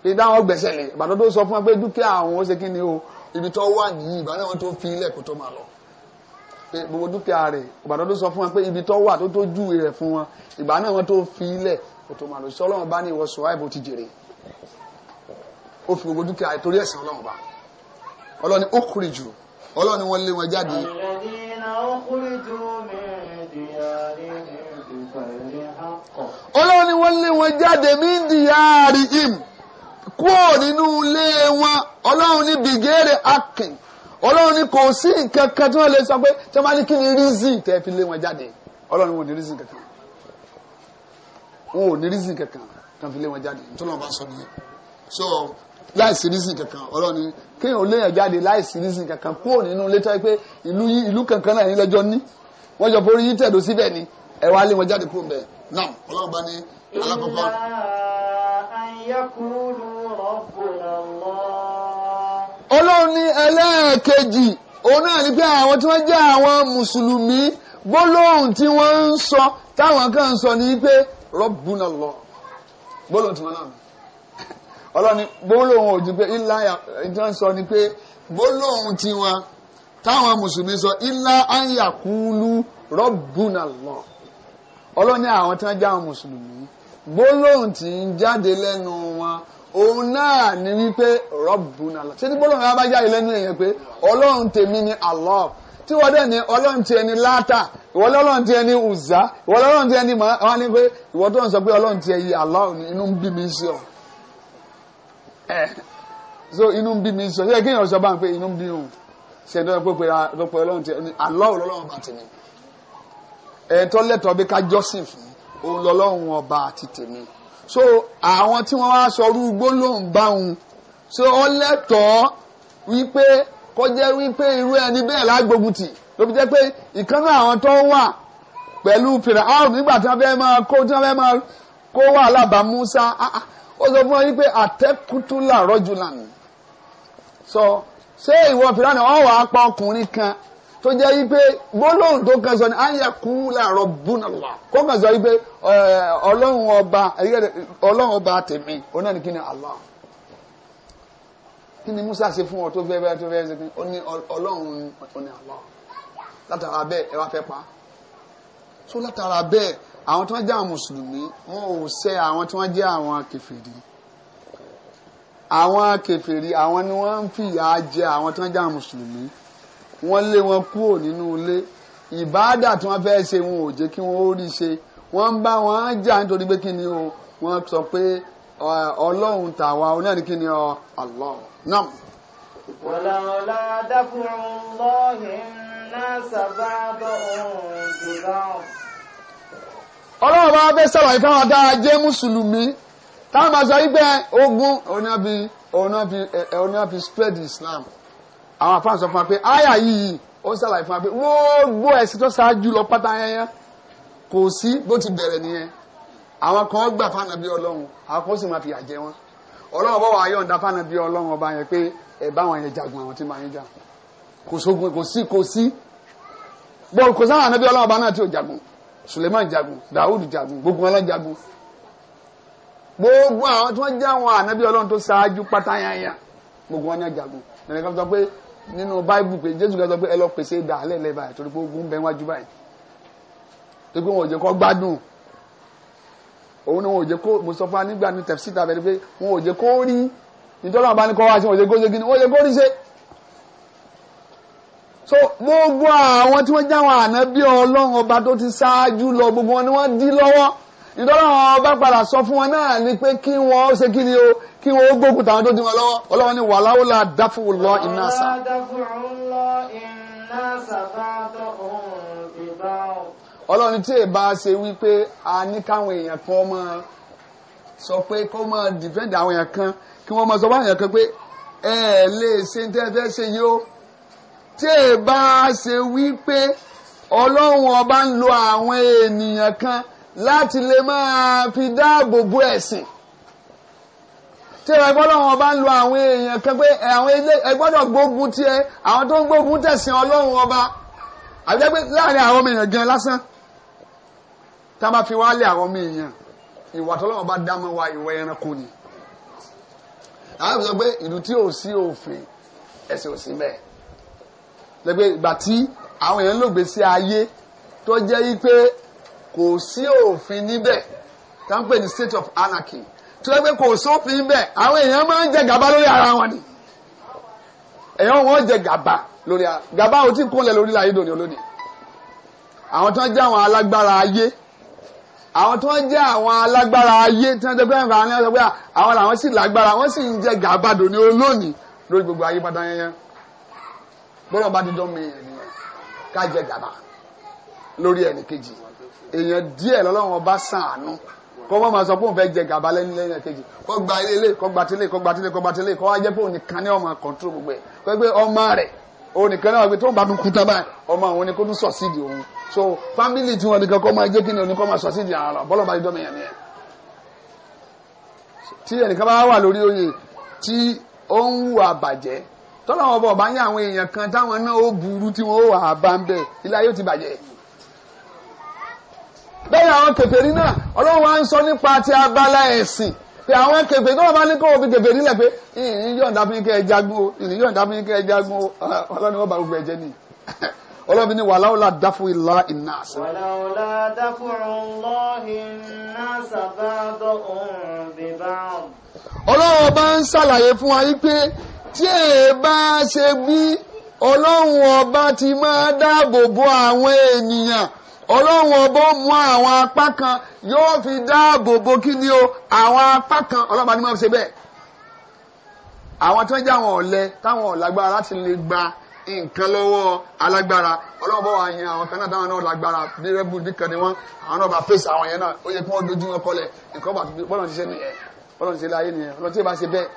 ìdáhùn ọgbẹ̀sẹ̀ lè ìbàdàn tó sọ fún wa pé dúkìá àwọn ó ṣe kí ni ibi tó wà nìyí ìbàdàn wọn tó fi ilẹ̀ kó tó máa lọ gbogbo dúkìá sọ fún wa pé ibi tó wà tó tó júwe rẹ̀ fún wọn wọn tó fi ilẹ̀ kó tó lọ gbogbo dúkìá ọlọ́run ni wọ́n lé wọn jáde míndìyàrí im kúrò nínú ilé wọn ọlọ́run ní bìgẹ́rẹ̀ akin ọlọ́run ní kò sí nǹkan kan tí wọ́n lè sọ pé tí wọ́n bá ní kí ni rízìn tẹ́ fi lé wọn jáde ọlọ́run ní wọn ní rízìn kankan wọn ò ní rízìn kankan kan fi lé wọn jáde nítorí wọn bá sọ nìyẹn so láìsí rízìn kankan ọlọ́run ní kéèyàn ò léèyàn jáde láìsí rízìn kankan kúrò nínú ilé tó yẹ pé ìlú kankan náà ní lọ́jọ́ ní wọ́n jọ ẹ wá lé wọn jáde kúrò bẹ́ẹ̀ náà ọlọ́run bá ní alákọ̀ọ́kọ́. ọlọ́run ní ẹlẹ́ẹ̀kejì òun náà ni pé àwọn tí wọ́n jẹ́ àwọn mùsùlùmí gbólóhùn tí wọ́n ń sọ táwọn kan sọ ní pé lọ lọ. ọlọ́ni àwọn tí wọ́n já àwọn mùsùlùmí gbólóhùn tí ń jáde lẹ́nu wọn òun náà ní wípé rọ́bùnà lọ ṣé tí gbólóhùn yẹn bá jáde lẹ́nu èèyàn pé ọlọ́run tèmi ni Allah tí wọ́n dẹ̀ ní ọlọ́run ti ẹni láàtà ìwọ lọ́lọ́run ti ẹni ùzá ìwọ lọ́lọ́run ti ẹni màá wọn ni pé ìwọ tó ń sọ pé ọlọ́run ti ẹyí Allah ni inú ń bí mi sí ọ ẹ so inú ń bí mi sí ọ ṣé kéèyàn sọ báyìí pé inú ń bí òun ṣe ń Allah ọlọ́run bá ti ẹni tó lẹ́tọ̀ọ́ bí ká jọ́sìn fún òun lọ́lọ́run ọba àti tèmi so àwọn tí wọ́n wá sọ irú gbólóhùn báwọn so ó lẹ́tọ̀ọ́ wípé kó jẹ́ wípé irú ẹni bẹ́ẹ̀ lágbógun tì ló fi jẹ́ pé ìkànnì àwọn tó wà pẹ̀lú fìràhàn nígbà tí wọ́n fẹ́ máa kó tí wọ́n fẹ́ máa kó wà lábà Musa ah, ah, ó sọ fún ọ wípé àtẹ́kùtù làárọ̀ jù lánàá sọ ṣé ìwọ fìràhàn ọ̀ wà á pa ọkùnrin kan tó jẹ́ wípé gbólóhùn tó kàn sọ ni àyà kúlà rọ̀bùnàlá kó kàn sọ wípé ọlọ́run ọba ọlọ́run ọba tèmi oná ni kí ni Allah kí ni Musa ṣe fún ọ tó fẹ́ fẹ́ tó fẹ́ ṣe kí ó ní ọlọ́run ní Allah látara bẹ́ẹ̀ ẹ wá fẹ́ pa so látara bẹ́ẹ̀ àwọn tí wọ́n jẹ́ àwọn mùsùlùmí wọn ò ṣẹ̀ àwọn tí wọ́n jẹ́ àwọn kèfèrí àwọn kèfèrí àwọn ni wọ́n ń fìyà jẹ àwọn tí wọ́n jẹ́ àwọn mùsùlùmí wọ́n lé wọn kúrò nínú ilé ìbáàdà tí wọ́n fẹ́ẹ́ ṣe wọn ò jẹ́ kí wọ́n ó rí ṣe wọ́n ń bá wọn jà nítorí pé kí ni o wọ́n sọ pé ọlọ́run tàwa onáà kí ni ọ Allah náà. wàlàwàlà dákùnrin lọ́hìn náà sábà bọ̀ ọ̀hún jùlọ. ọlọ́run bá fẹ́ sọ̀rọ̀ ìfẹ́ wọn dáa jẹ́ mùsùlùmí táwọn máa sọ wípé ogun onáfi onáfi onáfi spread Islam àwọn afáàn sọ fún wa pé àyà yìí ó ṣàlàyé fún wa pé gbogbo ẹ̀sìn tó ṣáájú lọ pátá yẹn kò sí bó ti bẹ̀rẹ̀ nìyẹn àwọn kan gbà fáànà bí ọlọ́run àwọn kan sì máa fìyà jẹ wọn ọlọ́run bọ̀ wá yọ̀ǹda fáànà bí ọlọ́run ọba yẹn pé ẹ̀ bá wọn yẹn jagun àwọn tí máa yẹn jà kò sógun kò sí kò sí bọ́ọ̀lù kò sáwọn ànábí ọlọ́run ọba náà tí ò jagun Suleiman jagun Dawud jagun gbogbo wọn lọ jagun gbogbo àwọn tí wọ́n já àwọn ànábí ọlọ́run tó ṣáájú pátáyáyá gbogbo wọn náà jagun nìkan sọ pé nínú báìbù pé jésù kan sọ pé ẹ lọ pèsè dà á lẹ́lẹ́ báyìí torí pé ogun bẹ wájú báyìí torí pé wọn ò jẹ́ kó gbádùn òun ni wọn ò jẹ́ kó mo sọ fún wa nígbà ní tẹ̀sí tàbí pé wọn ò jẹ́ kó rí nítorí àwọn abánikọ́ wá sí wọn ò jẹ́ kó ṣe kí ni wọn ò jẹ́ kó rí ṣe. so gbogbo àwọn tí wọ́n jáwọn ànábí ọlọ́run ọba tó ti ṣáájú lọ gbogbo wọn ni wọ́n dí lọ́wọ́ ìdọ́rọ̀ wọn bá padà sọ fún wọn náà ni pé kí wọn ó ṣe kí ni o kí wọn ó gbógun tàwọn tó di wọn lọ́wọ́ ọlọ́wọ́n ni wàláwùlà dáfùwù lọ iná sá. ọlọ́run tí èèbá ṣe wípé a ní káwọn èèyàn kan máa sọ pé kó máa dìfẹ́ǹdì àwọn èèyàn kan kí wọ́n máa sọ fún kan pé ẹ lè ṣe ń tẹ́tẹ́ ṣe yìí o tí èèbá ṣe wípé ọlọ́run ọba ń lo àwọn ènìyàn kan láti lè máa fi dáàbò bo ẹ̀sìn tí ẹ gbọ́dọ̀ wọn bá ń lo àwọn èèyàn kan pé àwọn ilé ẹ gbọ́dọ̀ gbógun ti ẹ àwọn tó ń gbógun tẹ̀sìn ọlọ́run ọba àbíjẹ́ pé láàrin àwọn ọmọ èèyàn gan lásán tá a bá fi wálé àwọn ọmọ èèyàn ìwà tọ́lọ́run bá dá mọ́ wa ìwà ẹranko ni àwọn sọ pé ìlú tí ò sí òfin ẹ̀sìn ò sí bẹ́ẹ̀ lẹ́gbẹ̀ẹ́ ìgbà tí àwọn èèyàn lògbèsè ayé tó jẹ́ yí pé kò sí òfin níbẹ̀ tá ní state of anarchy tó yẹ pé kò sófin bẹ́ẹ̀ àwọn èèyàn máa ń jẹ gàba lórí ara wọn ni èèyàn wọn jẹ gàba lórí ara gàba ò tí ń kúnlẹ̀ lórí ayé dòní olónìí àwọn tó ń jẹ́ àwọn alágbára ayé àwọn tó ń jẹ́ àwọn alágbára ayé tí wọ́n jẹ́ pé àwọn àwọn àwọn àwọn làwọn sì lágbára wọ́n sì ń jẹ gàba dòní olónìí lórí gbogbo ayé padà yẹn bọ́lá bá dídán mi ènìyàn ká jẹ gàba lórí ẹnì kejì wọn èèyàn díẹ̀ lọ́lọ́run ọba sàánú kó wọ́n máa sọ pé òun fẹ́ jẹ gàba lẹ́nu lẹ́yìn kejì kó gba ilé ilé kó gba tilé kó gba tilé kó gba tilé kó wá jẹ́ pé òun nìkan ní ọmọ kọ̀ǹtúrò gbogbo ẹ̀ pé pé ọmọ rẹ̀ òun nìkan náà pé tó ń bá tún kú báyìí ọmọ òun ni kó tún sọ̀sídìí òun so fámìlì tí wọn nìkan kó máa jẹ́ kí ni òun kó máa sọ̀sídìí àárọ̀ bọ́lọ̀ bá yí dọ́mìyàn nìyẹn tí ẹnìkan bá wà lórí oyè tí ó ń wù àbàjẹ́ tọ́lọ́wọ́ bọ̀ bá yẹ àwọn èèyàn kan táwọn náà ó burú tí wọ́n ó wà á bá ń bẹ̀ ilé ayé ó ti bàjẹ́ lẹ́yìn àwọn kèfèrí náà ọlọ́run wa ń sọ nípa ti abala ẹ̀sìn pé àwọn kèfèrí náà bá ní kó o fi kèfèrí lẹ̀ pé ìyìn yọ̀ǹda fún yín kẹ́ ẹ jagun o ìyìn yọ̀ǹda fún yín kẹ́ ẹ jagun o ah, ọlọ́run wọn bá gbogbo ẹ̀jẹ̀ nìyí (laughs) ọlọ́run ní wàláwùlá dáfù ilá iná àṣà. wàláwùlá dáfù ọlọ́hì iná sàbádọ́ òun bíbá. Um ọlọ́run bá ń ṣàlàyé fún wa yí pé tí ẹ bá ṣe bí ọlọ́run ọba ti máa dáàbò bo àwọn ènìyàn ọlọ́run ọbọ̀ mú àwọn apá kan yóò fi dáàbò bo kí ni o àwọn apá kan ọlọ́run bá ní máa ṣe bẹ́ẹ̀ àwọn tó ń jẹ́ àwọn ọ̀lẹ táwọn ọ̀lágbára láti lè gba nǹkan lọ́wọ́ alágbára ọlọ́run bọ̀ wá yan àwọn kan náà táwọn náà lágbára bí rẹ́bù nìkan ni wọ́n àwọn náà bá fèsì àwọn yẹn náà ó yẹ kí wọ́n dojú wọn kọlẹ̀ nǹkan bọ́lọ̀ ṣiṣẹ́ nìyẹn bọ́lọ̀ ṣiṣẹ́ láyé nìyẹn ọlọ́run tí ì bá ṣe bẹ́ẹ̀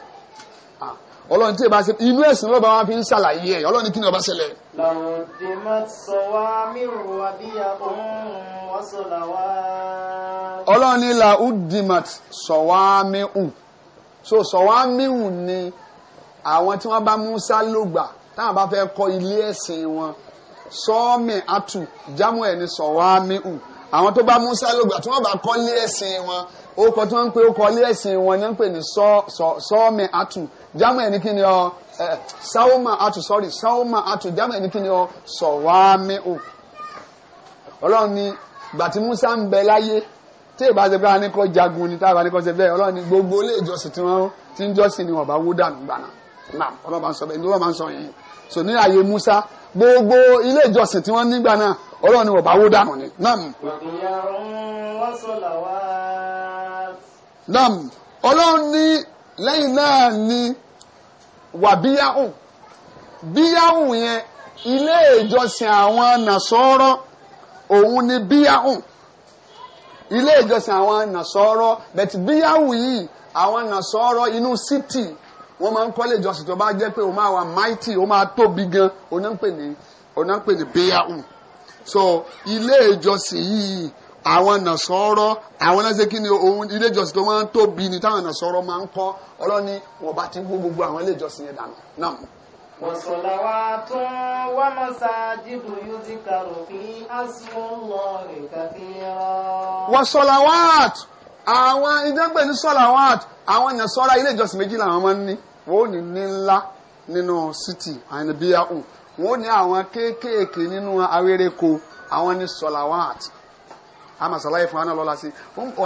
ọlọ́run tí ìbá ṣe inú ẹ̀sìn lọ́ba wa fi ń ṣàlàyé ẹ̀ ọlọ́run kí ni ọba ṣẹlẹ̀. làwọn ti sọ wá mírù àbíyá òun wọ́n sọ làwá. ọlọ́run ni làúdìmọ̀t sọ̀wámíhù so sọ̀wámíhù ni àwọn tí wọ́n bá Mùsá lògbà táwọn bá fẹ́ kọ́ ilé ẹ̀sìn wọn sọ́ọ̀mì àtù jámù ẹ̀ ni sọ̀wámíhù àwọn tó bá Mùsá lògbà tí wọ́n bá kọ́ ilé ẹ̀sìn wọn ó kọ́ tí wọ́n ń pè ó kọ́ ilé ẹ̀sìn wọn ni wọ́n ń pè ní sọ́ọ̀mì àtù jámù ẹni kí ni ọ ẹ sáwọ́mà àtù sọ́rí sáwọ́mà àtù jámù ẹni kí ni ọ sọ̀wámẹ́ò ọlọ́run ni gbàtí Musa ń bẹ láyé tí ìbá ṣe bá ní kọ́ jagun ní táwa ní kọ́ ṣe bẹ́ẹ̀ ọlọ́run ni gbogbo ilé ìjọsìn tí wọ́n ti ń jọ́sìn ni wọ́n bá wó dànù gbànà náà ọlọ́ba ń sọ bẹ́ẹ̀ ní ọlọ́ba ń sọ yẹn so ní ààyè Musa gbogbo ilé ìjọsìn tí wọ́n nígbà náà ọlọ́run ni wọ́n bá wó dànù ni nam. nam ọlọ́run ni lẹ́yìn náà ni. wà bíyáhùn bíyáhùn yẹn ilé ìjọsìn àwọn nàṣọ́rọ́ òun ni bíyáhùn ilé ìjọsìn àwọn nàṣọ́rọ́ bẹ̀tì bíyáhùn yìí àwọn nàṣọ́rọ́ inú sítì wọn máa ń kọ́lé ìjọsìn tó bá jẹ́ pé o máa wà máìtì o máa tóbi gan onáńpè ní onáńpè ní bíyáhùn so ilé ìjọsìn yìí àwọn nàṣọ́rọ́ àwọn náà ṣe kí ni ohun ilé ìjọsìn tó máa ń tóbi ni táwọn nàṣọ́rọ́ máa ń kọ́ ọlọ́ni wọn bá ti gbó gbogbo àwọn ilé ìjọsìn yẹn dànù náà. وصلوات ومساجد يذكر فيها اسم الله كثيرا وصلوات àwọn ìdẹ́gbẹ̀ ní sọ́làwàt àwọn èèyàn sọ́ra ilé ìjọsìn méjì làwọn máa ń ní wọ́n ò ní ní ńlá nínú sítì àyìn bíyà hù wọ́n ò ní àwọn kéékèèké nínú awéreko àwọn ní sọ́làwàt àmà sàlàyé fún wa náà lọ́la sí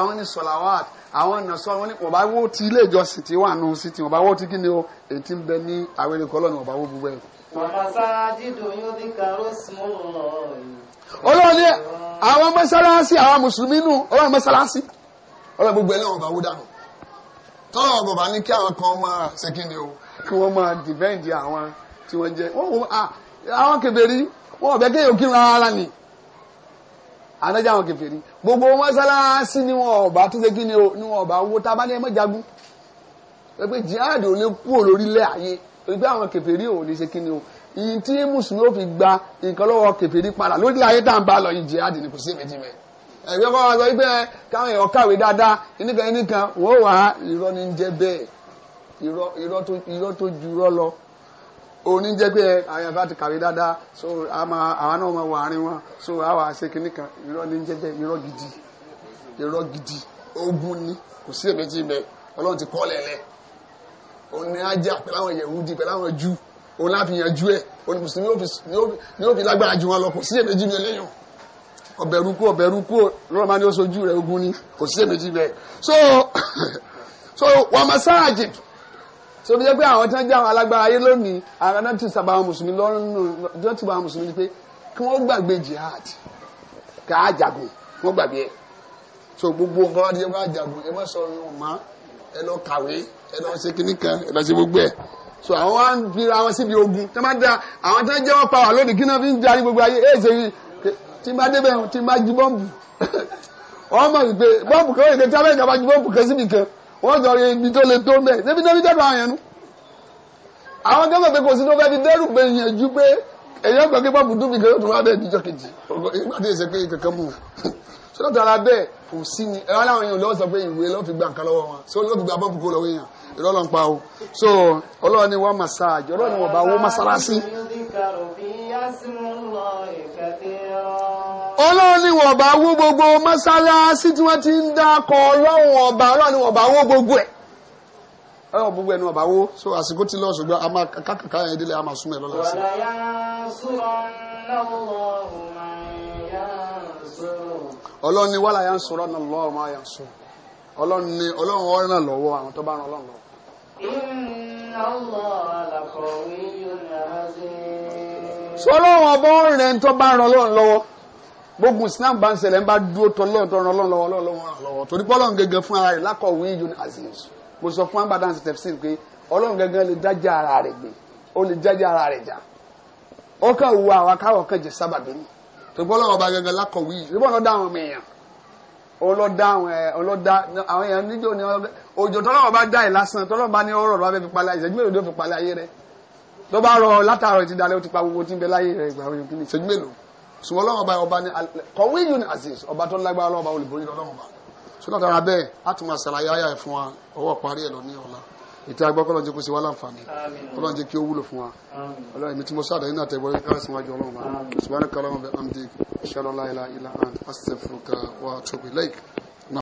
àwọn ní sọ̀làwàt àwọn ọ̀nà sọ wọn ní wọn bá wó ti ilé ìjọsìn tí wà nù sí ti wọn bá wó ti kí ni o èyí ti ń bẹ ní àwẹ̀rẹ̀ kọ́lọ́ ni wọn bá wó gbogbo ẹ̀. olóòwò ni àwọn mọ́sálásí àwọn mùsùlùmí nù olóòwò mọ́sálásí olóòwò gbogbo ẹ̀ lọ́wọ́ bá wó dànù tọ́lọ̀ ọ̀bọ̀ bá ní kí àwọn kan máa ṣe kí ni o kí wọ́n máa dìbẹ́ǹdì àwọn tí wọ́n jẹ́ ah, àwọn kèbèrí wọn ò bẹ́ kéèyàn kí wọn ara anájà àwọn kèfèrí gbogbo mọ́sálásí ni wọn ọba tó ṣe kí ni wọn ọba wo tá a bá ní ẹmọ jagun pé jihad ò lè kú lórílẹ̀ ayé torí pé àwọn kèfèrí ò ní ṣe kí ni o ìyìn tí mùsùlùmí ò fi gba nǹkan lọ́wọ́ kèfèrí padà lórílẹ̀ ayé tá à ń bá lọ yìí jihad ni kò sí méjì mẹ́ ẹ̀gbẹ́ kọ́ wa sọ pé káwọn èèyàn kàwé dáadáa ẹnìkan ẹnìkan wọ́n wà irọ́ ni ń jẹ́ bẹ́ẹ̀ irọ́ tó ju lọ òní jẹ́ pé àyàn kàwé dáadáa so àmà àwọn náà máa àárín so àwọn àṣẹ kìíní kan irọ́ ní jẹ́jẹ́ irọ́ gidi irọ́ gidi ogun ni kò sí èmi tí ọlọ́run ti kọ́ lẹ̀lẹ̀ òní ajá pẹ̀lú àwọn pẹ̀lú àwọn jù òun láfi ẹ̀ mùsùlùmí ni ó fi lágbára jù wọn lọ kò sí èmi lẹ́yìn kú kú ogun ni kò sí so (coughs) so bí jẹ́ pé àwọn tí wọ́n jẹ́ àwọn alágbára ayé lónìí àwọn náà ti sábà àwọn mùsùlùmí lọ́rùn náà ti bá àwọn mùsùlùmí pé kí wọ́n gbàgbé jihad ká àjàgùn wọ́n gbàgbé ẹ̀ so gbogbo nǹkan wá di ẹgbẹ́ àjàgùn ẹ má sọ ọ̀rọ̀ mọ́ ẹ lọ kàwé ẹ lọ ṣe kinní kan ẹ lọ ṣe gbogbo ẹ̀ so àwọn wá ń fira wọn síbi ogun tí wọ́n bá da àwọn tí wọ́n jẹ́ wọ́n pa wà lónìí kí náà fi ń jarí gbogbo ayé ẹ̀ ṣe tí má débẹ̀ tí má ju bọ́ǹbù (laughs) wọ́n mọ̀ wípé bọ́ǹbù kan wọ́n yìí kan tí wọ́n bá ju bọ́ǹbù wọ́n jọ rí ibi tó le tó bẹ́ẹ̀ débi débi dẹ́rù àwọn yẹn nu. àwọn gẹ́gẹ́ pé kò sí tó fẹ́ fi dẹ́rù pé yẹn ju pé èyàn gbọ́ kí bọ́ọ̀bù dúbì kẹ́rọ́ tó wá bẹ́ẹ̀ díjọ́ kejì ìgbà tí èsè pé kankan mú sọ lọ́tọ̀ ara bẹ́ẹ̀ kò sí ni ẹ̀rọ aláwọn èèyàn lọ́wọ́ sọ pé ìwé lọ́ọ́ fi gba nǹkan lọ́wọ́ wọn sọ lọ́ọ́ fi gba bọ́ọ̀bù kó lọ́wọ́ èèyàn ìrọ́ lọ́n pa o ọlọ́run ni bá wó gbogbo mọ́sálásí tí ti ń dákọ̀ ọlọ́run ọba bá wó gbogbo ẹ̀ ọlọ́run gbogbo ẹni bá wó so àsìkò tí lọ ṣùgbọ́n a máa kákàká yẹn délé a máa súnmọ́ ẹ lọ́la sí. ọlọ́run ni wàlá ń sọ̀rọ̀ náà máa yà ń gbogbo islam bá ń ṣẹlẹ̀ ń bá dúró tọ́ lọ́wọ́ lọ́wọ́ torí gẹ́gẹ́ fún ara rẹ̀ lákọ̀wé aziz mo sọ fún àgbàdo àti tẹ̀síìl pé ọlọ́run gẹ́gẹ́ lè dájà ara rẹ̀ gbé ó lè dájà ara rẹ̀ jà ó kàn wù àwọn akáwọ̀ ni torí ọba gẹ́gẹ́ lákọ̀wé yìí àwọn ọmọ èèyàn dá eh, ṣùgbọ́n ọlọ́run ọba ọba ni kọ̀wé yìí ni aziz ọba tó lágbára ọlọ́run ọba olùborí ọlọ́run ọba ṣùgbọ́n àtàrà bẹ́ẹ̀ á tún máa ṣàlàyé ayá ẹ̀ fún wa ọwọ́ parí ẹ̀ lọ ní ọ̀la ìtẹ́ agbọ́ kọ́lọ́n jẹ́ kó ṣe wá láǹfààní kọ́lọ́n jẹ́ kí ó wúlò fún wa ọlọ́run èmi tí mo sáàdà nínú àtẹ̀gbọ́ káàsì wájú ọlọ́run ọba ṣùgbọ́n kọ́lọ́run bẹ́ẹ̀ amdi ṣẹlọ́lá ilá ilá and astaghfiruka wa